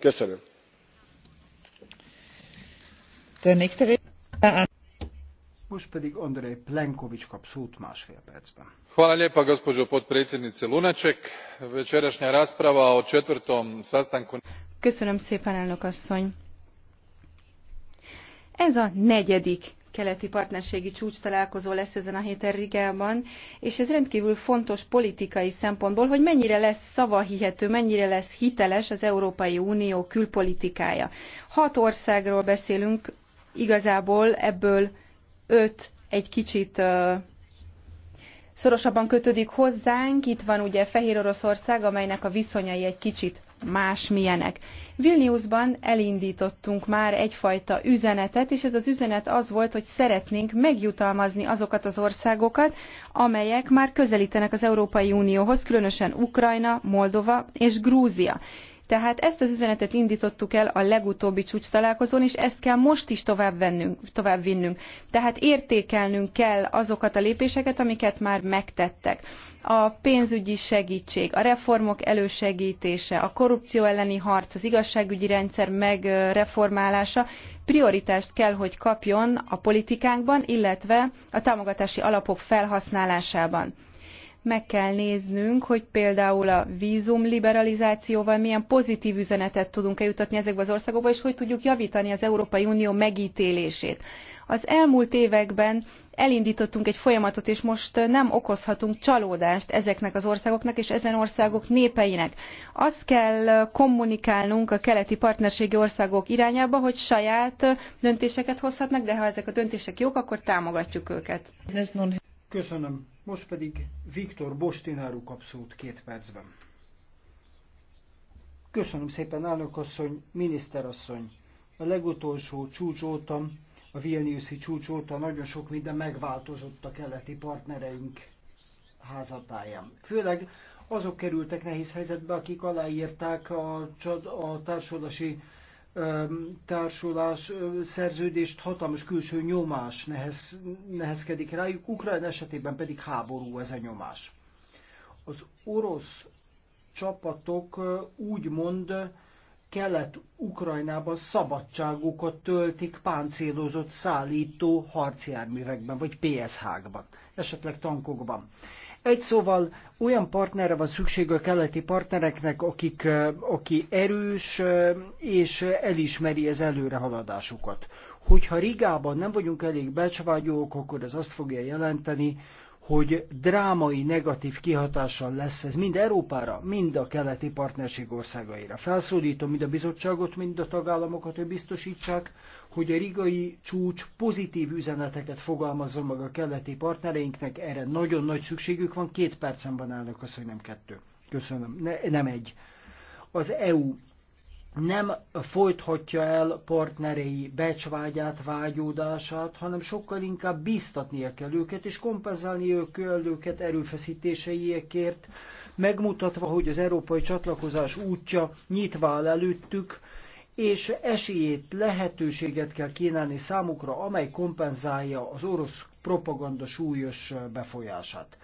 Speaker 6: köszönöm.
Speaker 2: Most pedig Andrej Plenković kap szót másfél percben.
Speaker 8: Hvala lijepa gospođo potpredsjednice Lunaček. Večerašnja rasprava o četvrtom sastanku...
Speaker 1: Köszönöm szépen, elnök asszony. Ez a negyedik keleti partnerségi csúcs találkozó lesz ezen a héten Rigában, és ez rendkívül fontos politikai szempontból, hogy mennyire lesz szavahihető, mennyire lesz hiteles az Európai Unió külpolitikája. Hat országról beszélünk, igazából ebből öt egy kicsit uh, szorosabban kötődik hozzánk. Itt van ugye Fehér Oroszország, amelynek a viszonyai egy kicsit más milyenek. Vilniusban elindítottunk már egyfajta üzenetet, és ez az üzenet az volt, hogy szeretnénk megjutalmazni azokat az országokat, amelyek már közelítenek az Európai Unióhoz, különösen Ukrajna, Moldova és Grúzia. Tehát ezt az üzenetet indítottuk el a legutóbbi csúcs találkozón, és ezt kell most is tovább, vennünk, tovább vinnünk. Tehát értékelnünk kell azokat a lépéseket, amiket már megtettek a pénzügyi segítség, a reformok elősegítése, a korrupció elleni harc, az igazságügyi rendszer megreformálása prioritást kell, hogy kapjon a politikánkban, illetve a támogatási alapok felhasználásában meg kell néznünk, hogy például a vízum liberalizációval milyen pozitív üzenetet tudunk eljutatni ezekbe az országokba, és hogy tudjuk javítani az Európai Unió megítélését. Az elmúlt években elindítottunk egy folyamatot, és most nem okozhatunk csalódást ezeknek az országoknak és ezen országok népeinek. Azt kell kommunikálnunk a keleti partnerségi országok irányába, hogy saját döntéseket hozhatnak, de ha ezek a döntések jók, akkor támogatjuk őket.
Speaker 2: Köszönöm. Most pedig Viktor Bostináru kap szót két percben. Köszönöm szépen, elnök asszony, miniszter asszony. A legutolsó csúcs óta a Vilniuszi csúcs óta nagyon sok minden megváltozott a keleti partnereink házatáján. Főleg azok kerültek nehéz helyzetbe, akik aláírták a, a társulási társulás szerződést hatalmas külső nyomás nehez, nehezkedik rájuk, Ukrajna esetében pedig háború ez a nyomás. Az orosz csapatok úgymond Kelet-Ukrajnában szabadságukat töltik páncélozott szállító harcjárművekben, vagy PSH-kban, esetleg tankokban. Egy szóval olyan partnerre van szükség a keleti partnereknek, akik, aki erős és elismeri az előrehaladásukat. Hogyha Rigában nem vagyunk elég becsvágyók, akkor ez azt fogja jelenteni, hogy drámai negatív kihatással lesz ez mind Európára, mind a keleti partnerség országaira. Felszólítom mind a bizottságot, mind a tagállamokat, hogy biztosítsák, hogy a rigai csúcs pozitív üzeneteket fogalmazzon meg a keleti partnereinknek, erre nagyon nagy szükségük van, két percen van állnak az, hogy nem kettő. Köszönöm. Ne, nem egy. Az EU nem folythatja el partnerei becsvágyát, vágyódását, hanem sokkal inkább bíztatnia kell őket, és kompenzálni kell őket erőfeszítéseiekért, megmutatva, hogy az európai csatlakozás útja nyitva áll előttük, és esélyét, lehetőséget kell kínálni számukra, amely kompenzálja az orosz propaganda súlyos befolyását.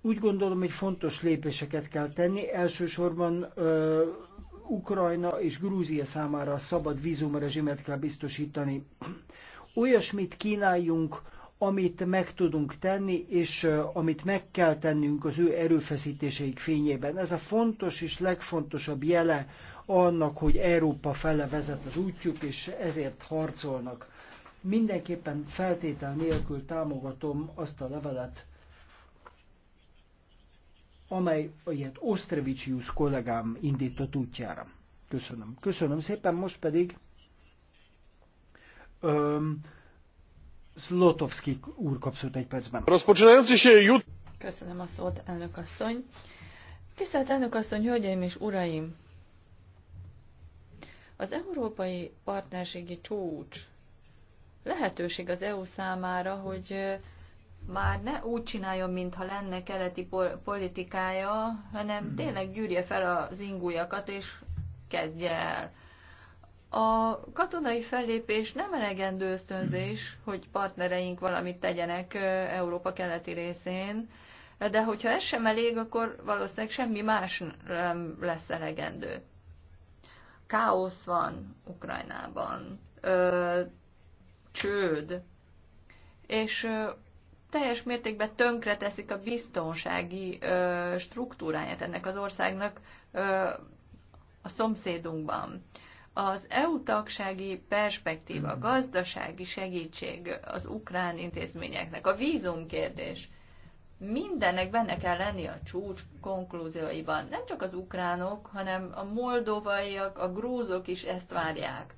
Speaker 2: Úgy gondolom, hogy fontos lépéseket kell tenni, elsősorban ö, Ukrajna és Grúzia számára a szabad vízumrezsimet kell biztosítani. Olyasmit kínáljunk, amit meg tudunk tenni, és amit meg kell tennünk az ő erőfeszítéseik fényében. Ez a fontos és legfontosabb jele annak, hogy Európa fele vezet az útjuk, és ezért harcolnak. Mindenképpen feltétel nélkül támogatom azt a levelet, amely ilyet Osztrevicius kollégám indított útjára. Köszönöm. Köszönöm szépen, most pedig um, Zlotowski úr kapszott egy percben.
Speaker 5: Köszönöm a szót, elnök asszony. Tisztelt elnök asszony, hölgyeim és uraim! Az európai partnerségi csúcs lehetőség az EU számára, hogy már ne úgy csináljon, mintha lenne keleti pol- politikája, hanem mhm. tényleg gyűrje fel az ingújakat, és kezdje el. A katonai fellépés nem elegendő ösztönzés, hogy partnereink valamit tegyenek Európa keleti részén, de hogyha ez sem elég, akkor valószínűleg semmi más nem lesz elegendő. Káosz van Ukrajnában, ö, csőd, és teljes mértékben tönkreteszik a biztonsági ö, struktúráját ennek az országnak ö, a szomszédunkban. Az EU tagsági perspektíva, a gazdasági segítség az ukrán intézményeknek, a vízum kérdés, mindennek benne kell lenni a csúcs konklúzióiban. Nem csak az ukránok, hanem a moldovaiak, a grúzok is ezt várják.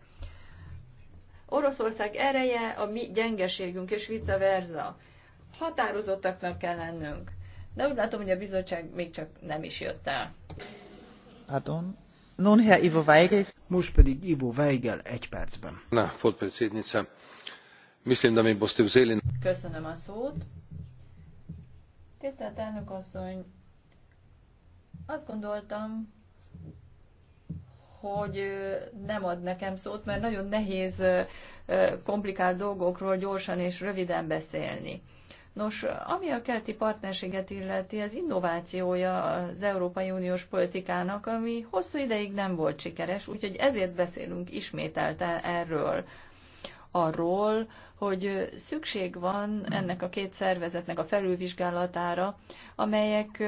Speaker 5: Oroszország ereje, a mi gyengeségünk, és vice versa határozottaknak kell lennünk. De úgy látom, hogy a bizottság még csak nem is jött el.
Speaker 8: Pardon? Nun, Herr Ivo
Speaker 2: Weigel. Most pedig Ivo Weigel egy percben.
Speaker 8: Na, podpredsednica. Mislim, da mi boste vzeli...
Speaker 5: Köszönöm a szót. Tisztelt elnök asszony, azt gondoltam, hogy nem ad nekem szót, mert nagyon nehéz komplikált dolgokról gyorsan és röviden beszélni. Nos, ami a kelti partnerséget illeti, az innovációja az Európai Uniós politikának, ami hosszú ideig nem volt sikeres, úgyhogy ezért beszélünk ismételten erről. Arról, hogy szükség van ennek a két szervezetnek a felülvizsgálatára, amelyek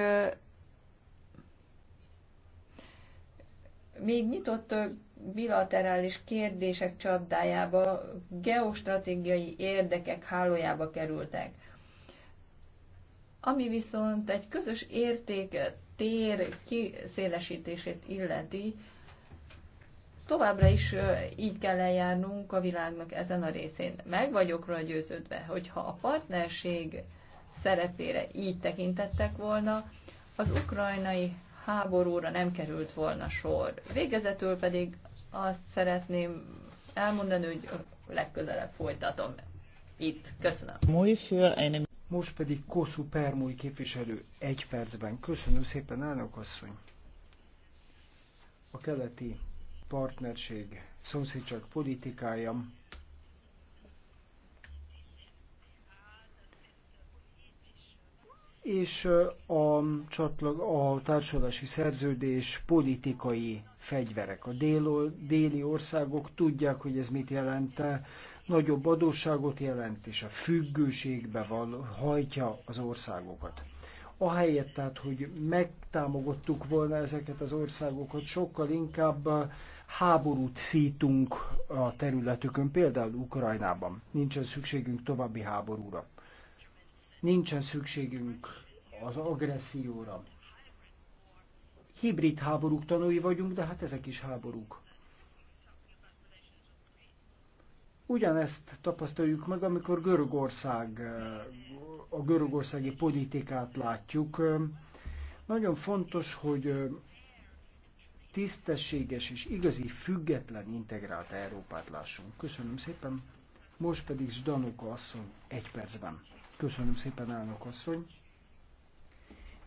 Speaker 5: még nyitott bilaterális kérdések csapdájába, geostratégiai érdekek hálójába kerültek ami viszont egy közös érték tér kiszélesítését illeti, továbbra is így kell eljárnunk a világnak ezen a részén. Meg vagyok róla győződve, hogyha a partnerség szerepére így tekintettek volna, az ukrajnai háborúra nem került volna sor. Végezetül pedig azt szeretném elmondani, hogy legközelebb folytatom itt.
Speaker 2: Köszönöm. Most pedig Kosszú Permúj képviselő egy percben. Köszönöm szépen, elnök asszony! A keleti partnerség szomszédság politikája és a, csatlag, a társulási szerződés politikai fegyverek. A déli országok tudják, hogy ez mit jelent, nagyobb adósságot jelent, és a függőségbe van, hajtja az országokat. Ahelyett tehát, hogy megtámogattuk volna ezeket az országokat, sokkal inkább háborút szítunk a területükön, például Ukrajnában. Nincsen szükségünk további háborúra. Nincsen szükségünk az agresszióra. Hibrid háborúk tanúi vagyunk, de hát ezek is háborúk. Ugyanezt tapasztaljuk meg, amikor Görögország, a görögországi politikát látjuk. Nagyon fontos, hogy tisztességes és igazi független integrált Európát lássunk. Köszönöm szépen. Most pedig Zdanuka asszony egy percben. Köszönöm szépen, elnök asszony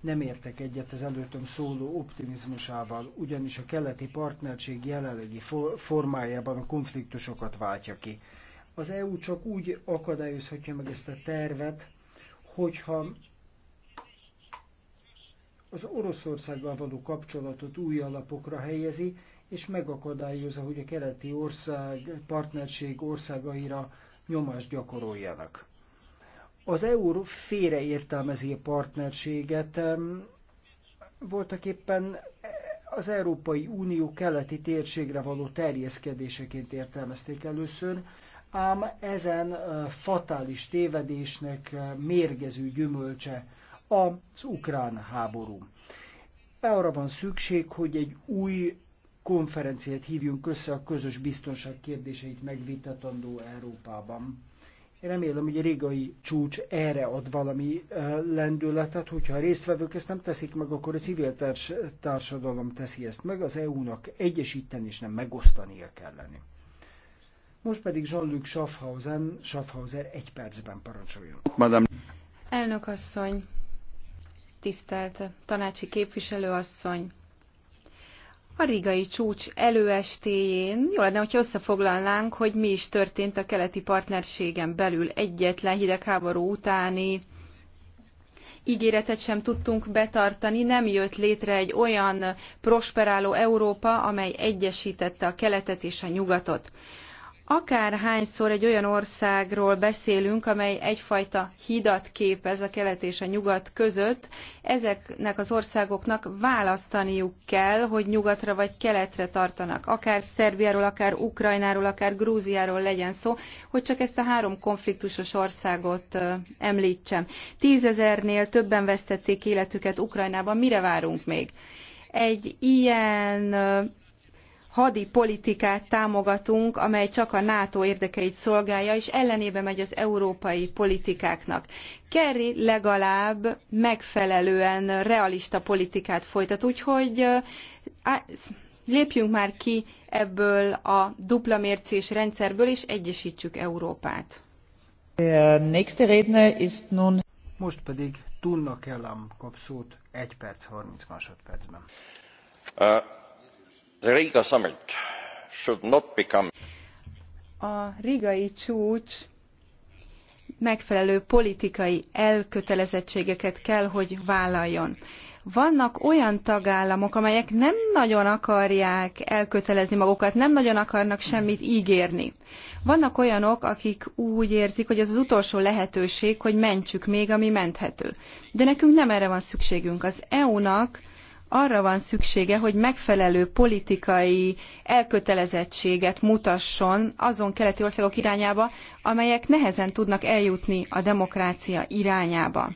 Speaker 2: nem értek egyet az előttem szóló optimizmusával, ugyanis a keleti partnerség jelenlegi formájában a konfliktusokat váltja ki. Az EU csak úgy akadályozhatja meg ezt a tervet, hogyha az Oroszországgal való kapcsolatot új alapokra helyezi, és megakadályozza, hogy a keleti ország partnerség országaira nyomást gyakoroljanak. Az EU félreértelmezi a partnerséget. Voltak éppen az Európai Unió keleti térségre való terjeszkedéseként értelmezték először, ám ezen fatális tévedésnek mérgező gyümölcse az ukrán háború. Arra van szükség, hogy egy új konferenciát hívjunk össze a közös biztonság kérdéseit megvitatandó Európában. Remélem, hogy a régai csúcs erre ad valami lendületet, hogyha a résztvevők ezt nem teszik meg, akkor a civil társadalom teszi ezt meg, az EU-nak egyesíteni és nem megosztania kell lenni. Most pedig Jean-Luc Schaffhausen, Schaffhauser egy percben parancsoljon. Madame.
Speaker 1: Elnök asszony, tisztelt tanácsi képviselő asszony, a rigai csúcs előestéjén jó lenne, hogyha összefoglalnánk, hogy mi is történt a keleti partnerségen belül egyetlen hidegháború utáni ígéretet sem tudtunk betartani, nem jött létre egy olyan prosperáló Európa, amely egyesítette a keletet és a nyugatot akárhányszor egy olyan országról beszélünk, amely egyfajta hidat képez a kelet és a nyugat között, ezeknek az országoknak választaniuk kell, hogy nyugatra vagy keletre tartanak. Akár Szerbiáról, akár Ukrajnáról, akár Grúziáról legyen szó, hogy csak ezt a három konfliktusos országot említsem. Tízezernél többen vesztették életüket Ukrajnában, mire várunk még? Egy ilyen hadi politikát támogatunk, amely csak a NATO érdekeit szolgálja, és ellenébe megy az európai politikáknak. Kerry legalább megfelelően realista politikát folytat, úgyhogy lépjünk már ki ebből a dupla mércés rendszerből, és egyesítsük Európát.
Speaker 2: Most pedig Tunna Kellam kap szót 1 perc 30 másodpercben
Speaker 8: riga
Speaker 1: a rigai csúcs megfelelő politikai elkötelezettségeket kell hogy vállaljon vannak olyan tagállamok, amelyek nem nagyon akarják elkötelezni magukat, nem nagyon akarnak semmit ígérni. Vannak olyanok, akik úgy érzik, hogy ez az utolsó lehetőség, hogy mentsük még, ami menthető. De nekünk nem erre van szükségünk. Az EU-nak arra van szüksége, hogy megfelelő politikai elkötelezettséget mutasson azon keleti országok irányába, amelyek nehezen tudnak eljutni a demokrácia irányába.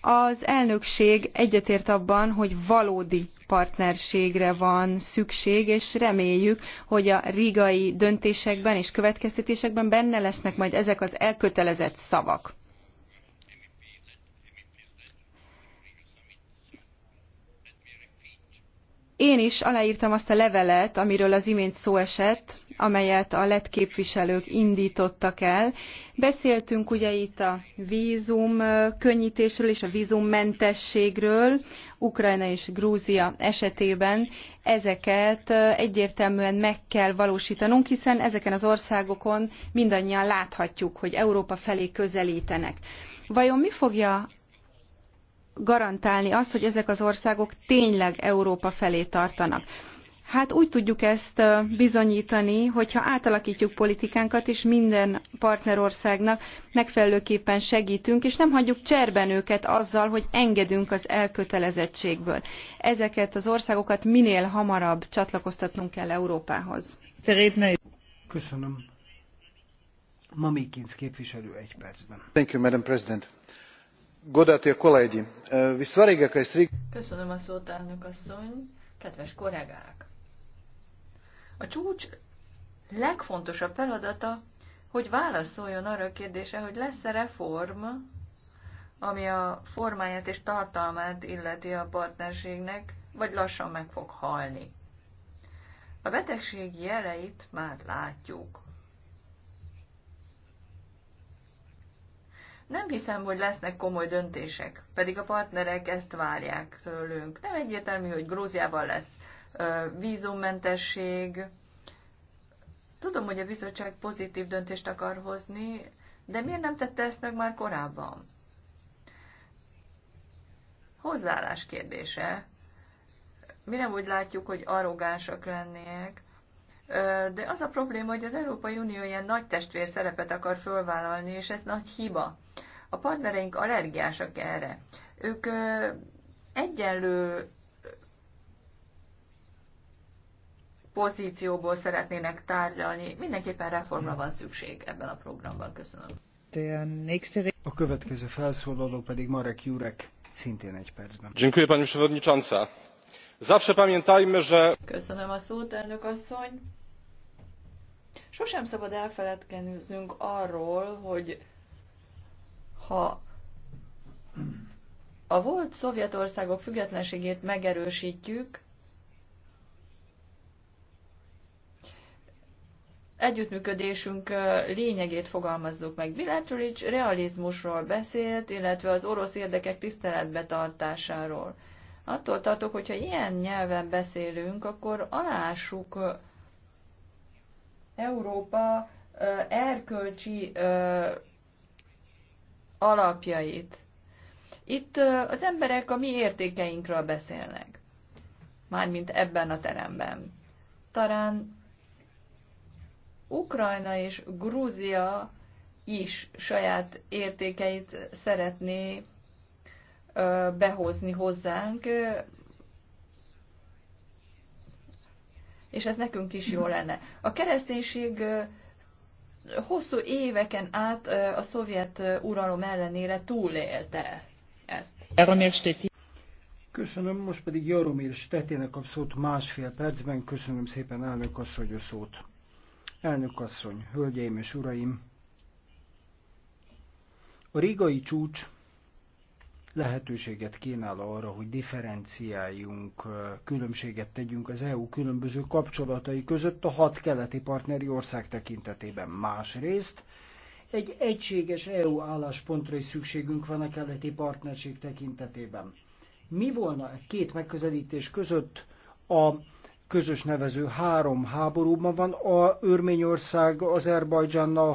Speaker 1: Az elnökség egyetért abban, hogy valódi partnerségre van szükség, és reméljük, hogy a rigai döntésekben és következtetésekben benne lesznek majd ezek az elkötelezett szavak. Én is aláírtam azt a levelet, amiről az imént szó esett, amelyet a lett képviselők indítottak el. Beszéltünk ugye itt a vízum könnyítésről és a vízummentességről, Ukrajna és Grúzia esetében. Ezeket egyértelműen meg kell valósítanunk, hiszen ezeken az országokon mindannyian láthatjuk, hogy Európa felé közelítenek. Vajon mi fogja garantálni azt, hogy ezek az országok tényleg Európa felé tartanak. Hát úgy tudjuk ezt bizonyítani, hogyha átalakítjuk politikánkat, és minden partnerországnak megfelelőképpen segítünk, és nem hagyjuk cserben őket azzal, hogy engedünk az elkötelezettségből. Ezeket az országokat minél hamarabb csatlakoztatnunk kell Európához.
Speaker 2: Köszönöm. Mamikins képviselő egy percben.
Speaker 6: Thank you, Madam President.
Speaker 5: Köszönöm a szót, elnök asszony. Kedves kollégák! A csúcs legfontosabb feladata, hogy válaszoljon arra a kérdése, hogy lesz-e reform, ami a formáját és tartalmát illeti a partnerségnek, vagy lassan meg fog halni. A betegség jeleit már látjuk. Nem hiszem, hogy lesznek komoly döntések, pedig a partnerek ezt várják tőlünk. Nem egyértelmű, hogy Grúziában lesz vízummentesség. Tudom, hogy a bizottság pozitív döntést akar hozni, de miért nem tette ezt meg már korábban? Hozzáállás kérdése. Mi nem úgy látjuk, hogy arrogánsak lennének, de az a probléma, hogy az Európai Unió ilyen nagy testvér szerepet akar fölvállalni, és ez nagy hiba. A partnereink allergiásak erre. Ők egyenlő pozícióból szeretnének tárgyalni. Mindenképpen reformra van szükség ebben a programban. Köszönöm.
Speaker 2: A következő felszólaló pedig Marek Jurek,
Speaker 7: szintén egy percben.
Speaker 6: Dziękuję pani przewodnicząca. Zawsze pamiętajmy, że... Köszönöm a
Speaker 5: szót, elnök asszony. Sosem szabad elfeledkeznünk arról, hogy ha a volt Szovjetországok függetlenségét megerősítjük, együttműködésünk lényegét fogalmazzuk meg. Bilaterics realizmusról beszélt, illetve az orosz érdekek tiszteletbe tartásáról. Attól tartok, hogyha ilyen nyelven beszélünk, akkor alássuk Európa erkölcsi alapjait. Itt az emberek a mi értékeinkről beszélnek. Mármint ebben a teremben. Talán Ukrajna és Grúzia is saját értékeit szeretné behozni hozzánk, és ez nekünk is jó lenne. A kereszténység hosszú éveken át a szovjet uralom ellenére túlélte ezt.
Speaker 2: Köszönöm, most pedig Jaromir Stetének a szót másfél percben. Köszönöm szépen, elnök asszony, a szót. Elnök asszony, hölgyeim és uraim! A rigai csúcs lehetőséget kínál arra, hogy differenciáljunk, különbséget tegyünk az EU különböző kapcsolatai között a hat keleti partneri ország tekintetében. Másrészt egy egységes EU álláspontra is szükségünk van a keleti partnerség tekintetében. Mi volna a két megközelítés között a közös nevező három háborúban van, a Örményország Azerbajdzsánnal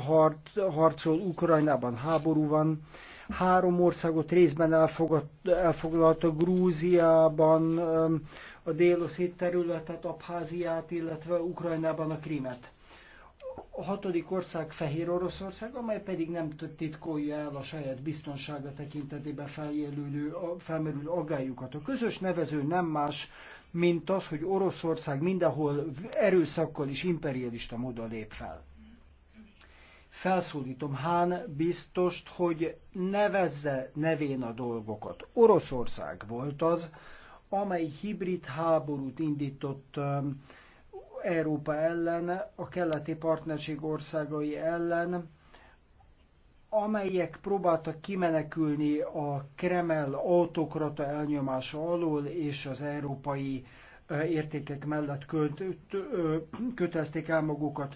Speaker 2: harcol, Ukrajnában háború van, Három országot részben elfoglalt a Grúziában a déloszét területet, Abháziát, illetve Ukrajnában a Krimet. A hatodik ország Fehér Oroszország, amely pedig nem titkolja el a saját biztonsága tekintetében feljelülő, felmerülő aggályukat. A közös nevező nem más, mint az, hogy Oroszország mindenhol erőszakkal és imperialista módon lép fel felszólítom Hán biztost, hogy nevezze nevén a dolgokat. Oroszország volt az, amely hibrid háborút indított um, Európa ellen, a keleti partnerség országai ellen, amelyek próbáltak kimenekülni a Kreml autokrata elnyomása alól és az európai uh, értékek mellett kötelezték el magukat.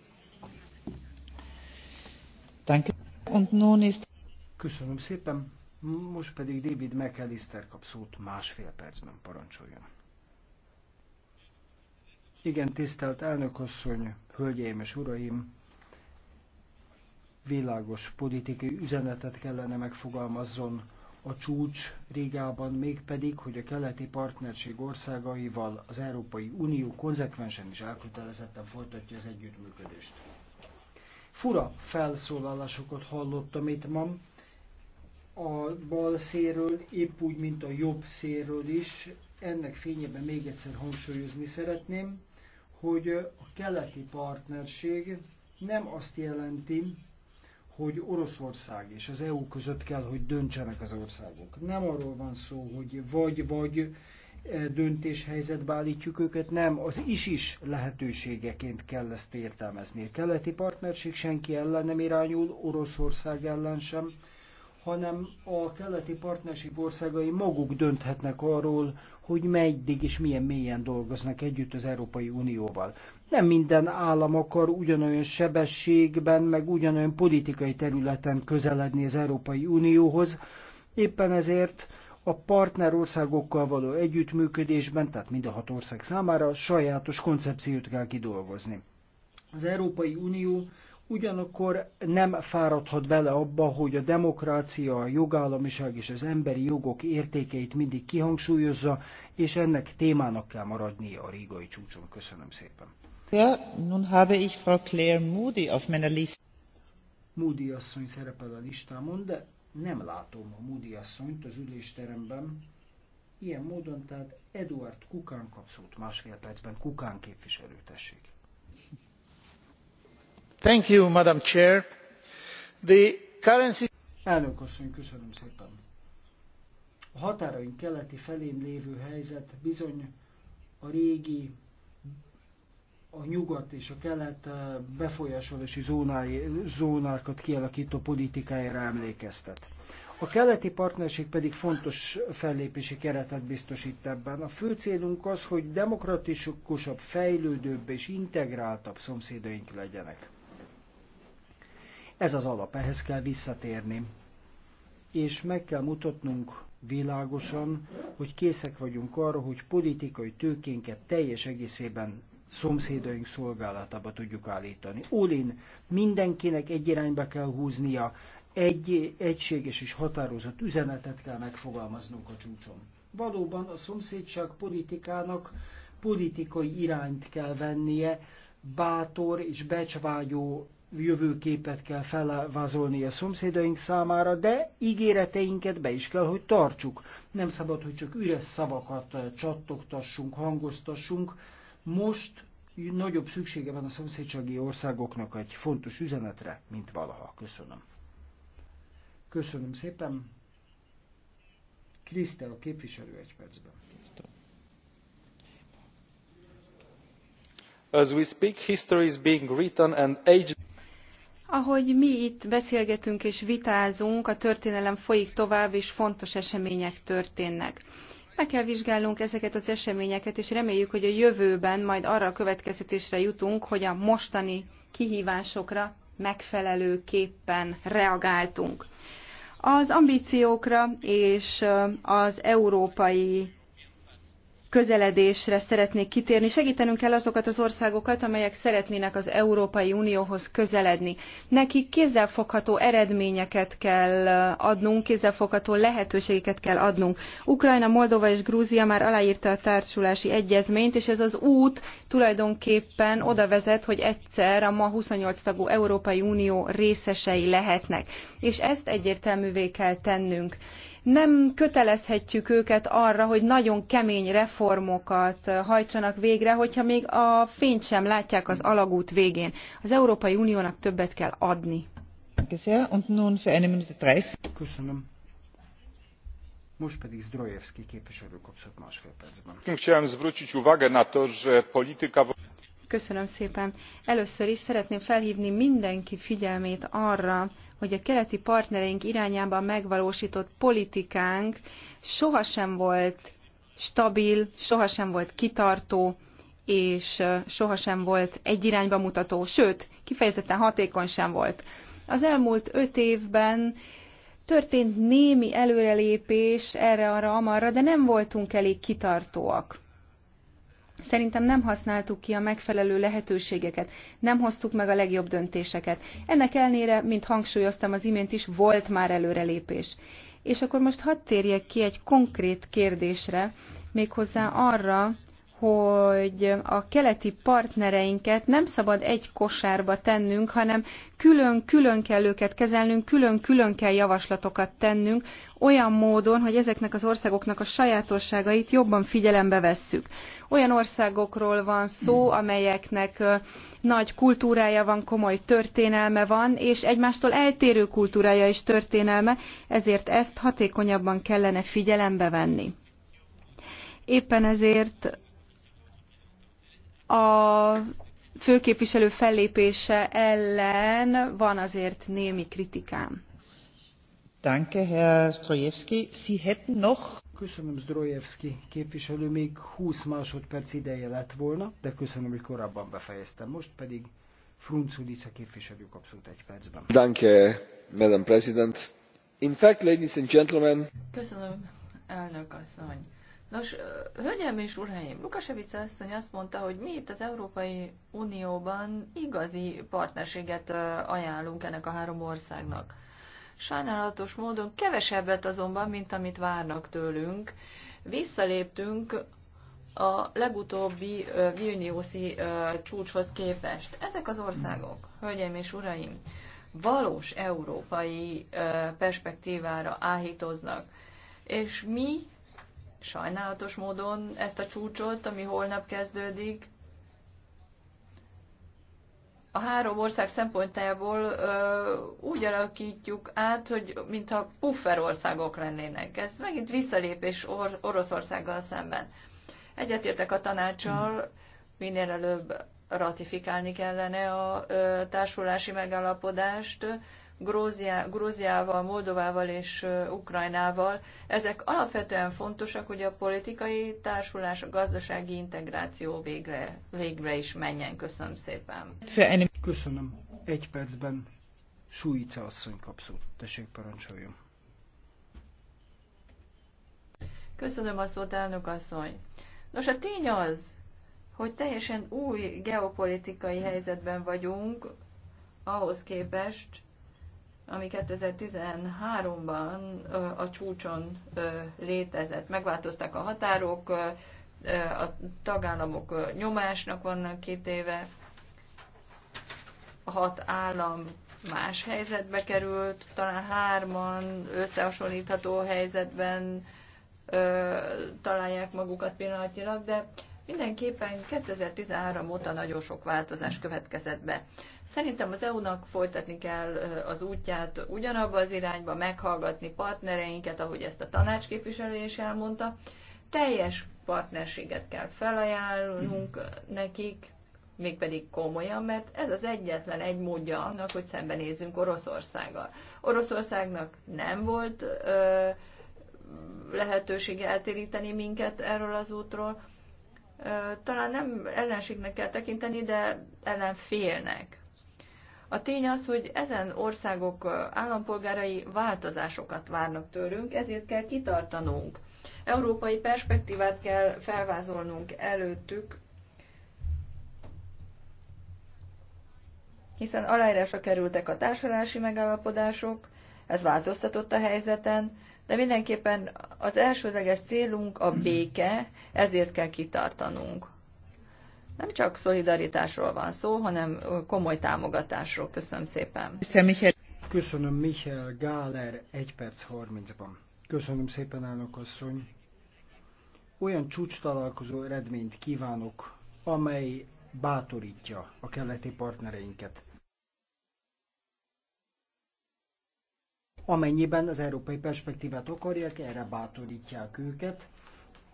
Speaker 2: Und nun ist... Köszönöm szépen. Most pedig David McAllister kap szót másfél percben parancsoljon. Igen, tisztelt elnökasszony, hölgyeim és uraim, világos politikai üzenetet kellene megfogalmazzon a csúcs Rigában, mégpedig, hogy a keleti partnerség országaival az Európai Unió konzekvensen és elkötelezetten folytatja az együttműködést. Fura felszólalásokat hallottam itt ma, a bal széről, épp úgy, mint a jobb széről is. Ennek fényében még egyszer hangsúlyozni szeretném, hogy a keleti partnerség nem azt jelenti, hogy Oroszország és az EU között kell, hogy döntsenek az országok. Nem arról van szó, hogy vagy-vagy E, döntéshelyzetbe állítjuk őket, nem, az is is lehetőségeként kell ezt értelmezni. A keleti partnerség senki ellen nem irányul, Oroszország ellen sem, hanem a keleti partnerség országai maguk dönthetnek arról, hogy meddig és milyen mélyen dolgoznak együtt az Európai Unióval. Nem minden állam akar ugyanolyan sebességben, meg ugyanolyan politikai területen közeledni az Európai Unióhoz, éppen ezért a partnerországokkal való együttműködésben, tehát mind a hat ország számára sajátos koncepciót kell kidolgozni. Az Európai Unió ugyanakkor nem fáradhat bele abba, hogy a demokrácia, a jogállamiság és az emberi jogok értékeit mindig kihangsúlyozza, és ennek témának kell maradnia a rigai csúcson. Köszönöm szépen.
Speaker 3: Ja, nun habe ich Frau Claire Moody auf meiner Liste.
Speaker 2: Moody asszony szerepel a listámon, de nem látom a Moody asszonyt az ülésteremben. Ilyen módon tehát Eduard Kukán kap szót másfél percben. Kukán képviselő, tessék.
Speaker 6: Thank you, Madam Chair.
Speaker 2: The currency... Elnök asszony, köszönöm szépen. A határaink keleti felén lévő helyzet bizony a régi a nyugat és a kelet eh, befolyásolási zónái, zónákat kialakító politikájára emlékeztet. A keleti partnerség pedig fontos fellépési keretet biztosít ebben. A fő célunk az, hogy demokratikusabb, fejlődőbb és integráltabb szomszédaink legyenek. Ez az alap, ehhez kell visszatérni. És meg kell mutatnunk világosan, hogy készek vagyunk arra, hogy politikai tőkénket teljes egészében szomszédaink szolgálatába tudjuk állítani. Olin, mindenkinek egy irányba kell húznia, egy egységes és határozott üzenetet kell megfogalmaznunk a csúcson. Valóban a szomszédság politikának politikai irányt kell vennie, bátor és becsvágyó jövőképet kell felvázolni a szomszédaink számára, de ígéreteinket be is kell, hogy tartsuk. Nem szabad, hogy csak üres szavakat csattogtassunk, hangoztassunk, most nagyobb szüksége van a szomszédsági országoknak egy fontos üzenetre, mint valaha. Köszönöm. Köszönöm szépen. Krisztel, a képviselő egy percben.
Speaker 6: As we speak, history is being written and age...
Speaker 1: Ahogy mi itt beszélgetünk és vitázunk, a történelem folyik tovább, és fontos események történnek meg kell vizsgálnunk ezeket az eseményeket, és reméljük, hogy a jövőben majd arra a következtetésre jutunk, hogy a mostani kihívásokra megfelelőképpen reagáltunk. Az ambíciókra és az európai közeledésre szeretnék kitérni. Segítenünk kell azokat az országokat, amelyek szeretnének az Európai Unióhoz közeledni. Nekik kézzelfogható eredményeket kell adnunk, kézzelfogható lehetőségeket kell adnunk. Ukrajna, Moldova és Grúzia már aláírta a társulási egyezményt, és ez az út tulajdonképpen oda vezet, hogy egyszer a ma 28 tagú Európai Unió részesei lehetnek. És ezt egyértelművé kell tennünk nem kötelezhetjük őket arra, hogy nagyon kemény reformokat eh, hajtsanak végre, hogyha még a fényt sem látják az alagút végén. Az Európai Uniónak többet kell adni.
Speaker 2: Köszönöm. Most pedig
Speaker 6: Zdrojewski képviselő kapszott másfél percben. Chciałem zwrócić uwagę na to, że polityka...
Speaker 1: Köszönöm szépen. Először is szeretném felhívni mindenki figyelmét arra, hogy a keleti partnereink irányában megvalósított politikánk sohasem volt stabil, sohasem volt kitartó, és sohasem volt egy irányba mutató, sőt, kifejezetten hatékony sem volt. Az elmúlt öt évben történt némi előrelépés erre, arra, amarra, de nem voltunk elég kitartóak. Szerintem nem használtuk ki a megfelelő lehetőségeket, nem hoztuk meg a legjobb döntéseket. Ennek ellenére, mint hangsúlyoztam az imént is, volt már előrelépés. És akkor most hadd térjek ki egy konkrét kérdésre, méghozzá arra, hogy a keleti partnereinket nem szabad egy kosárba tennünk, hanem külön-külön kell őket kezelnünk, külön-külön kell javaslatokat tennünk, olyan módon, hogy ezeknek az országoknak a sajátosságait jobban figyelembe vesszük. Olyan országokról van szó, amelyeknek nagy kultúrája van, komoly történelme van, és egymástól eltérő kultúrája és történelme, ezért ezt hatékonyabban kellene figyelembe venni. Éppen ezért a főképviselő fellépése ellen van azért némi kritikám.
Speaker 3: Danke, Herr Strojewski. Sie hätten noch...
Speaker 2: Köszönöm, Zdrojevski képviselő, még 20 másodperc ideje lett volna, de köszönöm, hogy korábban befejeztem. Most pedig Frunzulica képviselő kap egy percben. Danke,
Speaker 6: Madam President. In fact, ladies and gentlemen...
Speaker 5: Köszönöm, elnök asszony. Nos, hölgyeim és uraim, Lukasevica asszony azt mondta, hogy mi itt az Európai Unióban igazi partnerséget ajánlunk ennek a három országnak. Sajnálatos módon kevesebbet azonban, mint amit várnak tőlünk. Visszaléptünk a legutóbbi Vilniuszi csúcshoz képest. Ezek az országok, hölgyeim és uraim, valós európai perspektívára áhítoznak, és mi sajnálatos módon ezt a csúcsot, ami holnap kezdődik. A három ország szempontjából ö, úgy alakítjuk át, hogy mintha puffer országok lennének. Ez megint visszalépés Or- Oroszországgal szemben. Egyetértek a tanácsal, minél előbb ratifikálni kellene a ö, társulási megállapodást, Gróziá, Grúziával, Moldovával és Ukrajnával. Ezek alapvetően fontosak, hogy a politikai társulás, a gazdasági integráció végre, végre is menjen. Köszönöm szépen.
Speaker 2: Köszönöm. Egy percben Sújica asszony kapszó. Tessék, parancsoljon.
Speaker 5: Köszönöm a szót, elnök asszony. Nos, a tény az, hogy teljesen új geopolitikai helyzetben vagyunk, ahhoz képest, ami 2013-ban a csúcson létezett. Megváltoztak a határok, a tagállamok nyomásnak vannak két éve, hat állam más helyzetbe került, talán hárman összehasonlítható helyzetben találják magukat pillanatnyilag, de Mindenképpen 2013 óta nagyon sok változás következett be. Szerintem az EU-nak folytatni kell az útját ugyanabba az irányba, meghallgatni partnereinket, ahogy ezt a tanácsképviselő is elmondta. Teljes partnerséget kell felajánlunk nekik, mégpedig komolyan, mert ez az egyetlen egy módja annak, hogy szembenézzünk Oroszországgal. Oroszországnak nem volt ö, lehetősége eltéríteni minket erről az útról, talán nem ellenségnek kell tekinteni, de ellenfélnek. A tény az, hogy ezen országok állampolgárai változásokat várnak tőlünk, ezért kell kitartanunk. Európai perspektívát kell felvázolnunk előttük, hiszen aláírásra kerültek a társadalási megállapodások, ez változtatott a helyzeten, de mindenképpen az elsődleges célunk a béke, ezért kell kitartanunk. Nem csak szolidaritásról van szó, hanem komoly támogatásról. Köszönöm szépen.
Speaker 2: Köszönöm Michel Gáler 1 perc 30-ban. Köszönöm szépen, elnök asszony. Olyan csúcs találkozó eredményt kívánok, amely bátorítja a keleti partnereinket. amennyiben az európai perspektívát akarják, erre bátorítják őket.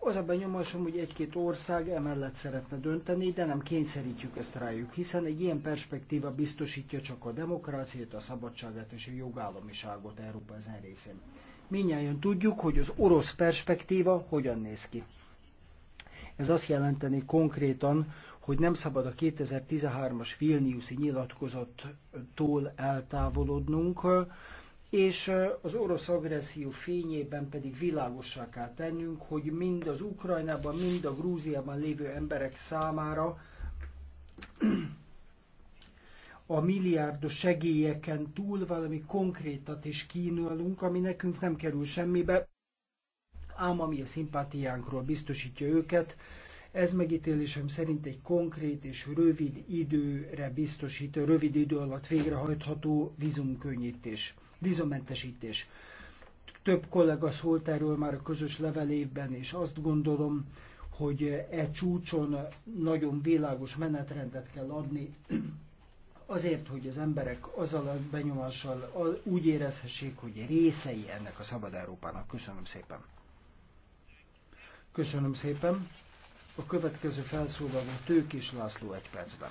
Speaker 2: Az a benyomásom, hogy egy-két ország emellett szeretne dönteni, de nem kényszerítjük ezt rájuk, hiszen egy ilyen perspektíva biztosítja csak a demokráciát, a szabadságát és a jogállamiságot Európa ezen részén. Mindjárt tudjuk, hogy az orosz perspektíva hogyan néz ki. Ez azt jelenteni konkrétan, hogy nem szabad a 2013-as Vilniuszi nyilatkozattól eltávolodnunk, és az orosz agresszió fényében pedig világossá kell tennünk, hogy mind az Ukrajnában, mind a Grúziában lévő emberek számára a milliárdos segélyeken túl valami konkrétat is kínálunk, ami nekünk nem kerül semmibe, ám ami a szimpátiánkról biztosítja őket, ez megítélésem szerint egy konkrét és rövid időre biztosító, rövid idő alatt végrehajtható vízumkönnyítés vízummentesítés. Több kollega szólt erről már a közös levelében, és azt gondolom, hogy e csúcson nagyon világos menetrendet kell adni, azért, hogy az emberek azzal a benyomással úgy érezhessék, hogy részei ennek a szabad Európának. Köszönöm szépen. Köszönöm szépen. A következő felszólaló Tőkés László
Speaker 6: egy percben.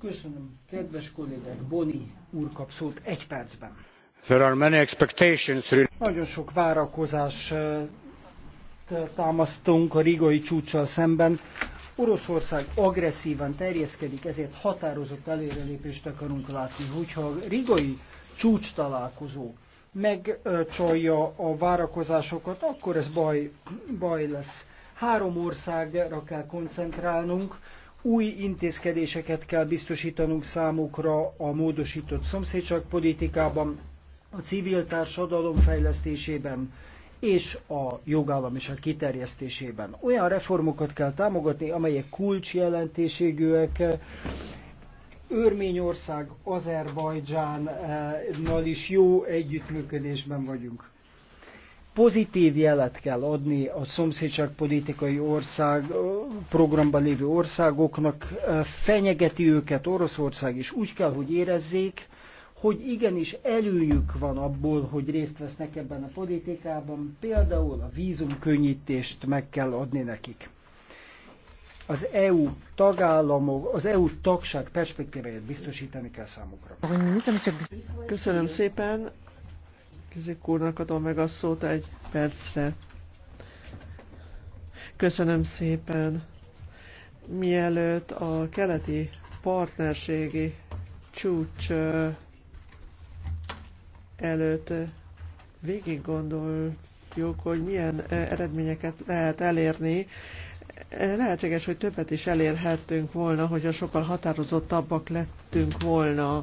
Speaker 2: Köszönöm. Kedves kollégák, Boni úr kap szót egy percben.
Speaker 4: There
Speaker 6: are many expectations.
Speaker 2: Nagyon sok várakozás támasztunk a rigai csúcsal szemben. Oroszország agresszívan terjeszkedik, ezért határozott előrelépést akarunk látni. Hogyha a rigai csúcs találkozó megcsalja a várakozásokat, akkor ez baj, baj lesz. Három országra kell koncentrálnunk, új intézkedéseket kell biztosítanunk számukra a módosított szomszédságpolitikában, a civil társadalom fejlesztésében és a jogállamiság kiterjesztésében. Olyan reformokat kell támogatni, amelyek kulcsjelentésségűek, Örményország, Azerbajdzsánnal eh, is jó együttműködésben vagyunk pozitív jelet kell adni a szomszédságpolitikai ország programban lévő országoknak, fenyegeti őket Oroszország is, úgy kell, hogy érezzék, hogy igenis előjük van abból, hogy részt vesznek ebben a politikában, például a vízumkönnyítést meg kell adni nekik. Az EU tagállamok, az EU
Speaker 3: tagság perspektíváját biztosítani kell számukra. Köszönöm szépen. Kizik úrnak adom meg a szót egy percre. Köszönöm szépen. Mielőtt a keleti partnerségi csúcs előtt végig gondoljuk, hogy milyen eredményeket lehet elérni. Lehetséges, hogy többet is elérhettünk volna, hogyha sokkal határozottabbak lettünk volna.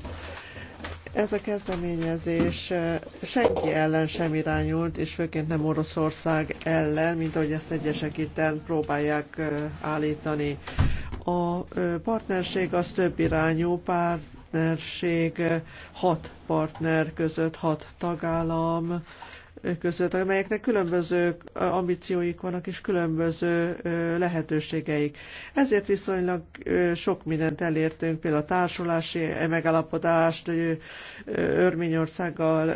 Speaker 3: Ez a kezdeményezés eh, senki ellen sem irányult, és főként nem Oroszország ellen, mint ahogy ezt egyesek itt próbálják eh, állítani. A eh, partnerség az több irányú partnerség, hat partner között, hat tagállam, között, amelyeknek különböző ambícióik vannak és különböző lehetőségeik. Ezért viszonylag sok mindent elértünk, például a társulási e, megállapodást Örményországgal,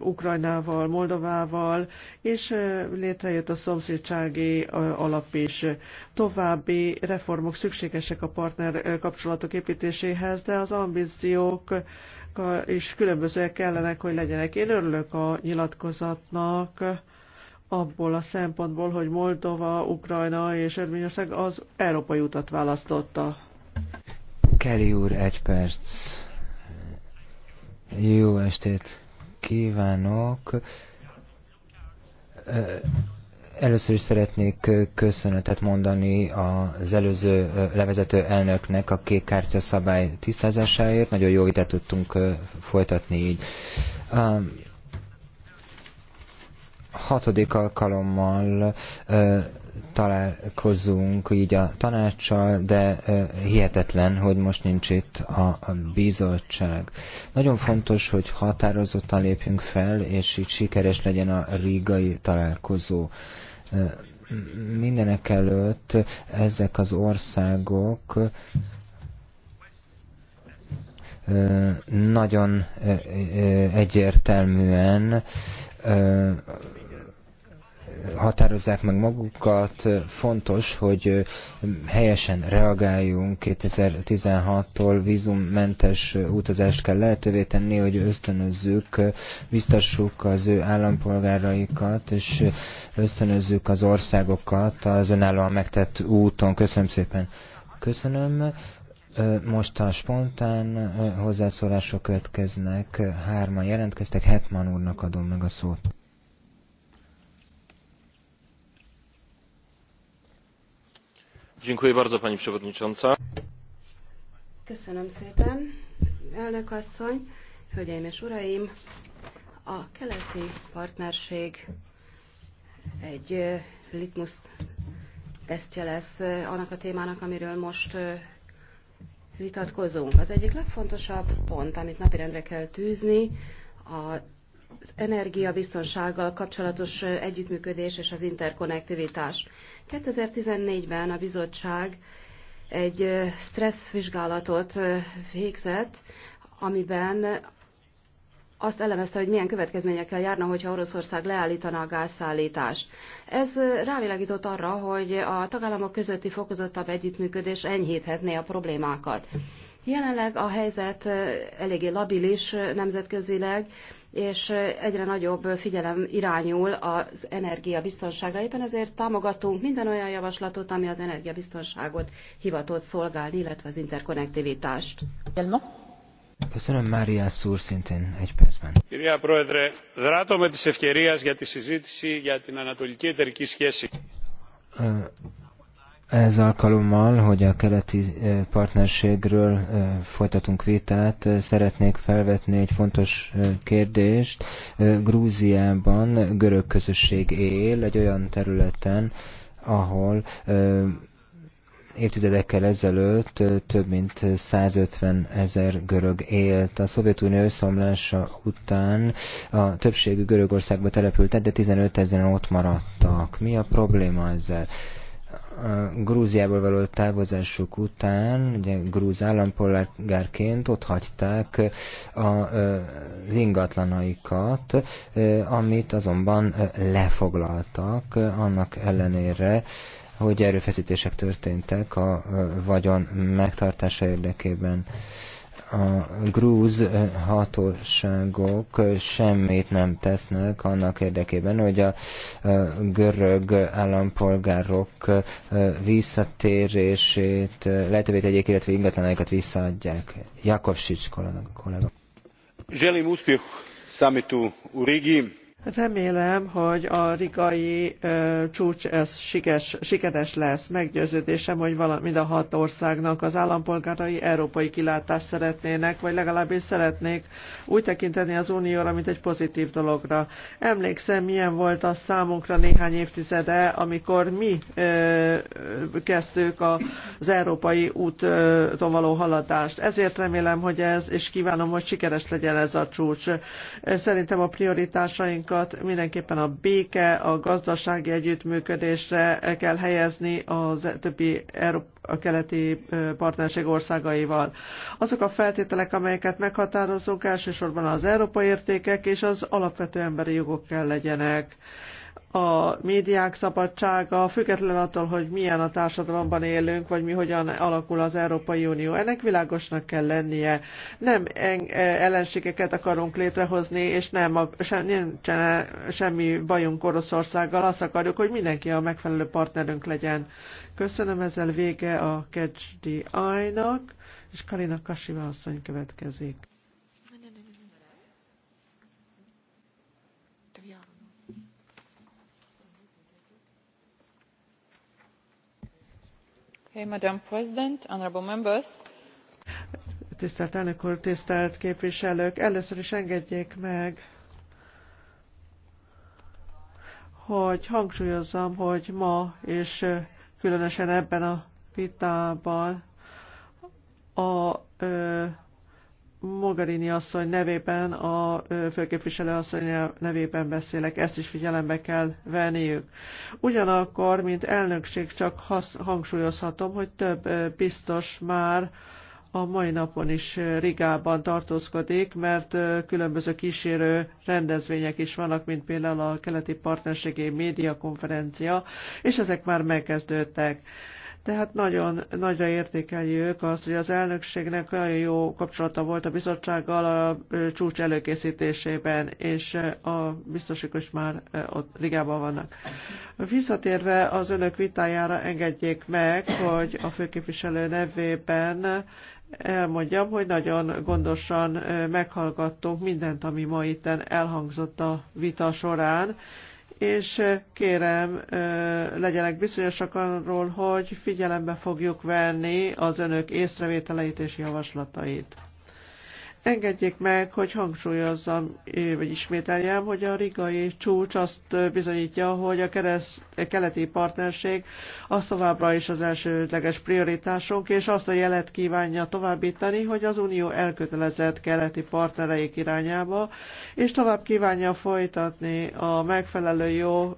Speaker 3: Ukrajnával, Moldovával, és létrejött a szomszédsági alap is. További reformok szükségesek a partner kapcsolatok építéséhez, de az ambíciók is különbözőek kellenek, hogy legyenek. Én örülök a nyilatkozatnak abból a szempontból, hogy Moldova, Ukrajna és Örményország az európai utat választotta.
Speaker 7: Kelly úr, egy perc. Jó estét kívánok Először is szeretnék köszönetet mondani az előző levezető elnöknek a kék kártya szabály tisztázásáért. Nagyon jó vitát tudtunk folytatni így. Hatodik alkalommal találkozunk így a tanácssal, de hihetetlen, hogy most nincs itt a, bizottság. Nagyon fontos, hogy határozottan lépjünk fel, és így sikeres legyen a rigai találkozó. Mindenek előtt ezek az országok nagyon egyértelműen határozzák meg magukat. Fontos, hogy helyesen reagáljunk. 2016-tól vízummentes utazást kell lehetővé tenni, hogy ösztönözzük, biztassuk az ő állampolgáraikat, és ösztönözzük az országokat az önállóan megtett úton. Köszönöm szépen. Köszönöm. Most a spontán hozzászólások következnek. Hárman jelentkeztek, Hetman úrnak adom meg a szót.
Speaker 4: pani przewodnicząca!
Speaker 9: köszönöm szépen elnök asszony hölgyeim és uraim! a keleti partnerség egy litmus tesztje lesz annak a témának amiről most vitatkozunk. az egyik legfontosabb pont amit napirendre kell tűzni a az energiabiztonsággal kapcsolatos együttműködés és az interkonnektivitás. 2014-ben a bizottság egy stresszvizsgálatot végzett, amiben azt elemezte, hogy milyen következményekkel járna, hogyha Oroszország leállítaná a gázszállítást. Ez rávilágított arra, hogy a tagállamok közötti fokozottabb együttműködés enyhíthetné a problémákat. Jelenleg a helyzet eléggé labilis nemzetközileg, és egyre nagyobb figyelem irányul az energiabiztonságra. Éppen ezért támogatunk minden olyan javaslatot, ami az energiabiztonságot hivatott szolgálni, illetve az interkonnektivitást.
Speaker 7: Köszönöm, Mária Szúr, szintén egy percben.
Speaker 4: Κυρία Πρόεδρε, δράτω με τις ευκαιρίες για τη συζήτηση για
Speaker 7: ez alkalommal, hogy a keleti eh, partnerségről eh, folytatunk vitát, eh, szeretnék felvetni egy fontos kérdést. Grúziában görög közösség él egy olyan területen, ahol évtizedekkel ezelőtt több mint 150 ezer görög élt. A Szovjetunió összeomlása után a többségű Görögországba települt, de 15 ezeren ott maradtak. Mi a probléma ezzel? Grúziából való távozásuk után, ugye grúz állampolgárként ott hagyták az ingatlanaikat, amit azonban lefoglaltak, annak ellenére, hogy erőfeszítések történtek a vagyon megtartása érdekében a grúz hatóságok semmit nem tesznek annak érdekében, hogy a görög állampolgárok visszatérését lehetővé tegyék, illetve ingatlanaikat visszaadják. Jakovsics kollega.
Speaker 6: Želim uspjeh samitu u Rigi
Speaker 3: Remélem, hogy a rigai ö, csúcs ez sikes, sikeres lesz. Meggyőződésem, hogy vala, mind a hat országnak az állampolgárai európai kilátást szeretnének, vagy legalábbis szeretnék úgy tekinteni az unióra, mint egy pozitív dologra. Emlékszem, milyen volt a számunkra néhány évtizede, amikor mi ö, kezdtük a, az európai úton való haladást. Ezért remélem, hogy ez, és kívánom, hogy sikeres legyen ez a csúcs. Szerintem a prioritásaink hangsúlyunkat mindenképpen a béke, a gazdasági együttműködésre kell helyezni az többi a keleti partnerség országaival. Azok a feltételek, amelyeket meghatározunk, elsősorban az európai értékek és az alapvető emberi jogok kell legyenek a médiák szabadsága, független attól, hogy milyen a társadalomban élünk, vagy mi hogyan alakul az Európai Unió. Ennek világosnak kell lennie. Nem e- ellenségeket akarunk létrehozni, és nem a, se, nincsen e- semmi bajunk Oroszországgal. Azt akarjuk, hogy mindenki a megfelelő partnerünk legyen. Köszönöm, ezzel vége a Catch the Eye-nak, és Kalina Kasiva asszony következik. Tisztelt elnök úr, tisztelt képviselők! Először is engedjék meg, hogy hangsúlyozzam, hogy ma és különösen ebben a vitában a Mogherini asszony nevében, a főképviselő asszony nevében beszélek, ezt is figyelembe kell venniük. Ugyanakkor, mint elnökség csak hangsúlyozhatom, hogy több biztos már a mai napon is Rigában tartózkodik, mert különböző kísérő rendezvények is vannak, mint például a keleti partnerségi médiakonferencia, és ezek már megkezdődtek hát nagyon nagyra értékeljük azt, hogy az elnökségnek olyan jó kapcsolata volt a bizottsággal a csúcs előkészítésében, és a biztosok is már ott Rigában vannak. Visszatérve az önök vitájára engedjék meg, hogy a főképviselő nevében elmondjam, hogy nagyon gondosan meghallgattunk mindent, ami ma itten elhangzott a vita során, és kérem, legyenek bizonyosak arról, hogy figyelembe fogjuk venni az önök észrevételeit és javaslatait. Engedjék meg, hogy hangsúlyozzam, vagy ismételjem, hogy a rigai csúcs azt bizonyítja, hogy a keleti partnerség az továbbra is az elsődleges prioritásunk, és azt a jelet kívánja továbbítani, hogy az Unió elkötelezett keleti partnereik irányába, és tovább kívánja folytatni a megfelelő jó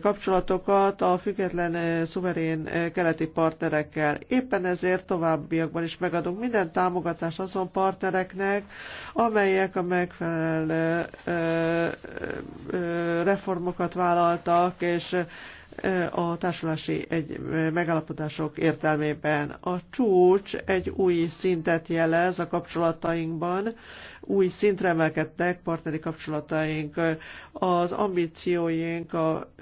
Speaker 3: kapcsolatokat a független szuverén keleti partnerekkel. Éppen ezért továbbiakban is megadunk minden támogatást azon partnereknek, amelyek a megfelelő reformokat vállaltak, és a társulási egy megállapodások értelmében. A csúcs egy új szintet jelez a kapcsolatainkban, új szintre emelkedtek partneri kapcsolataink. Az ambícióink, a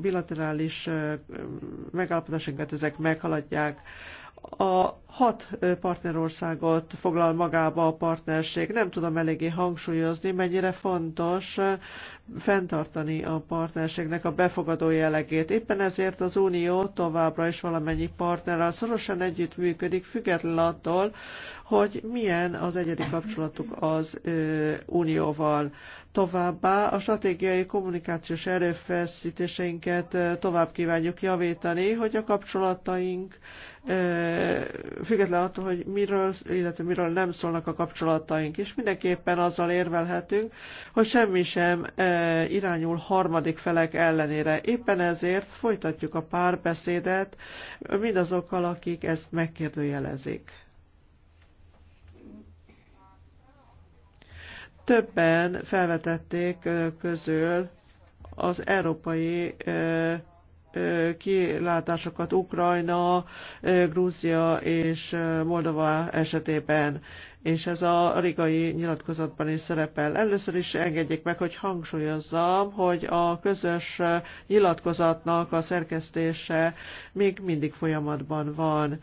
Speaker 3: bilaterális megállapodásainkat ezek meghaladják. A hat partnerországot foglal magába a partnerség. Nem tudom eléggé hangsúlyozni, mennyire fontos fenntartani a partnerségnek a befogadó jellegét. Éppen ezért az Unió továbbra is valamennyi partnerrel szorosan együttműködik, független attól, hogy milyen az egyedi kapcsolatuk az ö, Unióval. Továbbá a stratégiai kommunikációs erőfeszítéseinket tovább kívánjuk javítani, hogy a kapcsolataink független attól, hogy miről, illetve miről nem szólnak a kapcsolataink. És mindenképpen azzal érvelhetünk, hogy semmi sem irányul harmadik felek ellenére. Éppen ezért folytatjuk a párbeszédet mindazokkal, akik ezt megkérdőjelezik. Többen felvetették közül az európai kilátásokat Ukrajna, Grúzia és Moldova esetében, és ez a rigai nyilatkozatban is szerepel. Először is engedjék meg, hogy hangsúlyozzam, hogy a közös nyilatkozatnak a szerkesztése még mindig folyamatban van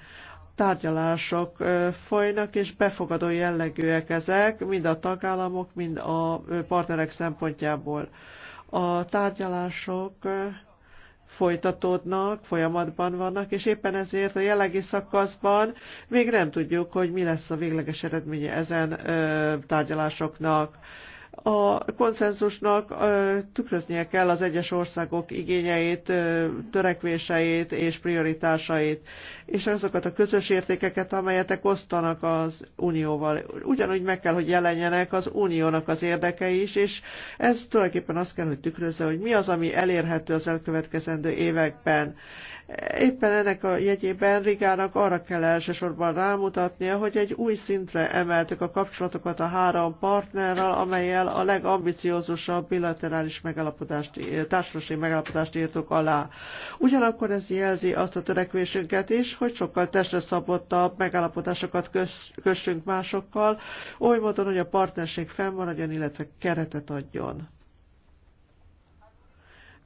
Speaker 3: tárgyalások folynak, és befogadó jellegűek ezek, mind a tagállamok, mind a partnerek szempontjából. A tárgyalások folytatódnak, folyamatban vannak, és éppen ezért a jellegi szakaszban még nem tudjuk, hogy mi lesz a végleges eredménye ezen ö, tárgyalásoknak a konszenzusnak tükröznie kell az egyes országok igényeit, törekvéseit és prioritásait, és azokat a közös értékeket, amelyetek osztanak az unióval. Ugyanúgy meg kell, hogy jelenjenek az uniónak az érdekei is, és ez tulajdonképpen azt kell, hogy tükrözze, hogy mi az, ami elérhető az elkövetkezendő években. Éppen ennek a jegyében Rigának arra kell elsősorban rámutatnia, hogy egy új szintre emeltük a kapcsolatokat a három partnerrel, amelyel a legambiciózusabb bilaterális megalapodást, társadalmi megalapodást írtuk alá. Ugyanakkor ez jelzi azt a törekvésünket is, hogy sokkal testre szabottabb megalapodásokat kössünk másokkal, oly módon, hogy a partnerség fennmaradjon, illetve keretet adjon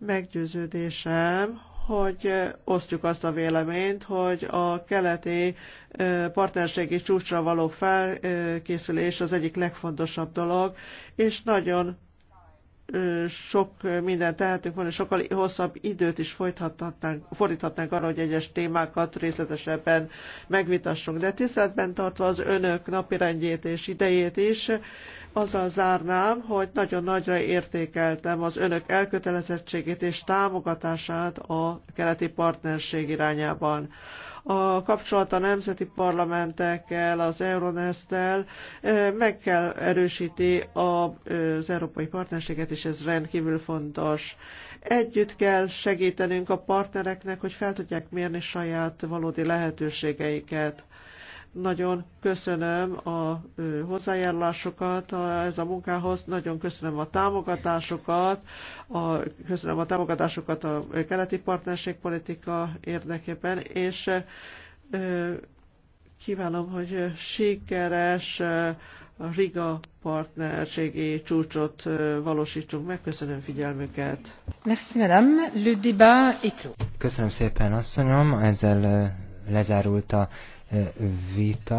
Speaker 3: meggyőződésem, hogy osztjuk azt a véleményt, hogy a keleti partnerségi csúcsra való felkészülés az egyik legfontosabb dolog, és nagyon sok mindent tehetünk volna, sokkal hosszabb időt is fordíthatnánk arra, hogy egyes témákat részletesebben megvitassunk. De tiszteletben tartva az önök napirendjét és idejét is, azzal zárnám, hogy nagyon nagyra értékeltem az önök elkötelezettségét és támogatását a keleti partnerség irányában a kapcsolat a nemzeti parlamentekkel, az Euronest-tel meg kell erősíti az európai partnerséget, és ez rendkívül fontos. Együtt kell segítenünk a partnereknek, hogy fel tudják mérni saját valódi lehetőségeiket nagyon köszönöm a hozzájárulásokat ez a munkához, nagyon köszönöm a támogatásokat, a, köszönöm a támogatásokat a keleti partnerségpolitika érdekében, és kívánom, hogy sikeres a Riga partnerségi csúcsot valósítsunk meg. Köszönöm figyelmüket. Merci, madame. Le débat est clos.
Speaker 7: Köszönöm szépen, asszonyom. Ezzel lezárult a vita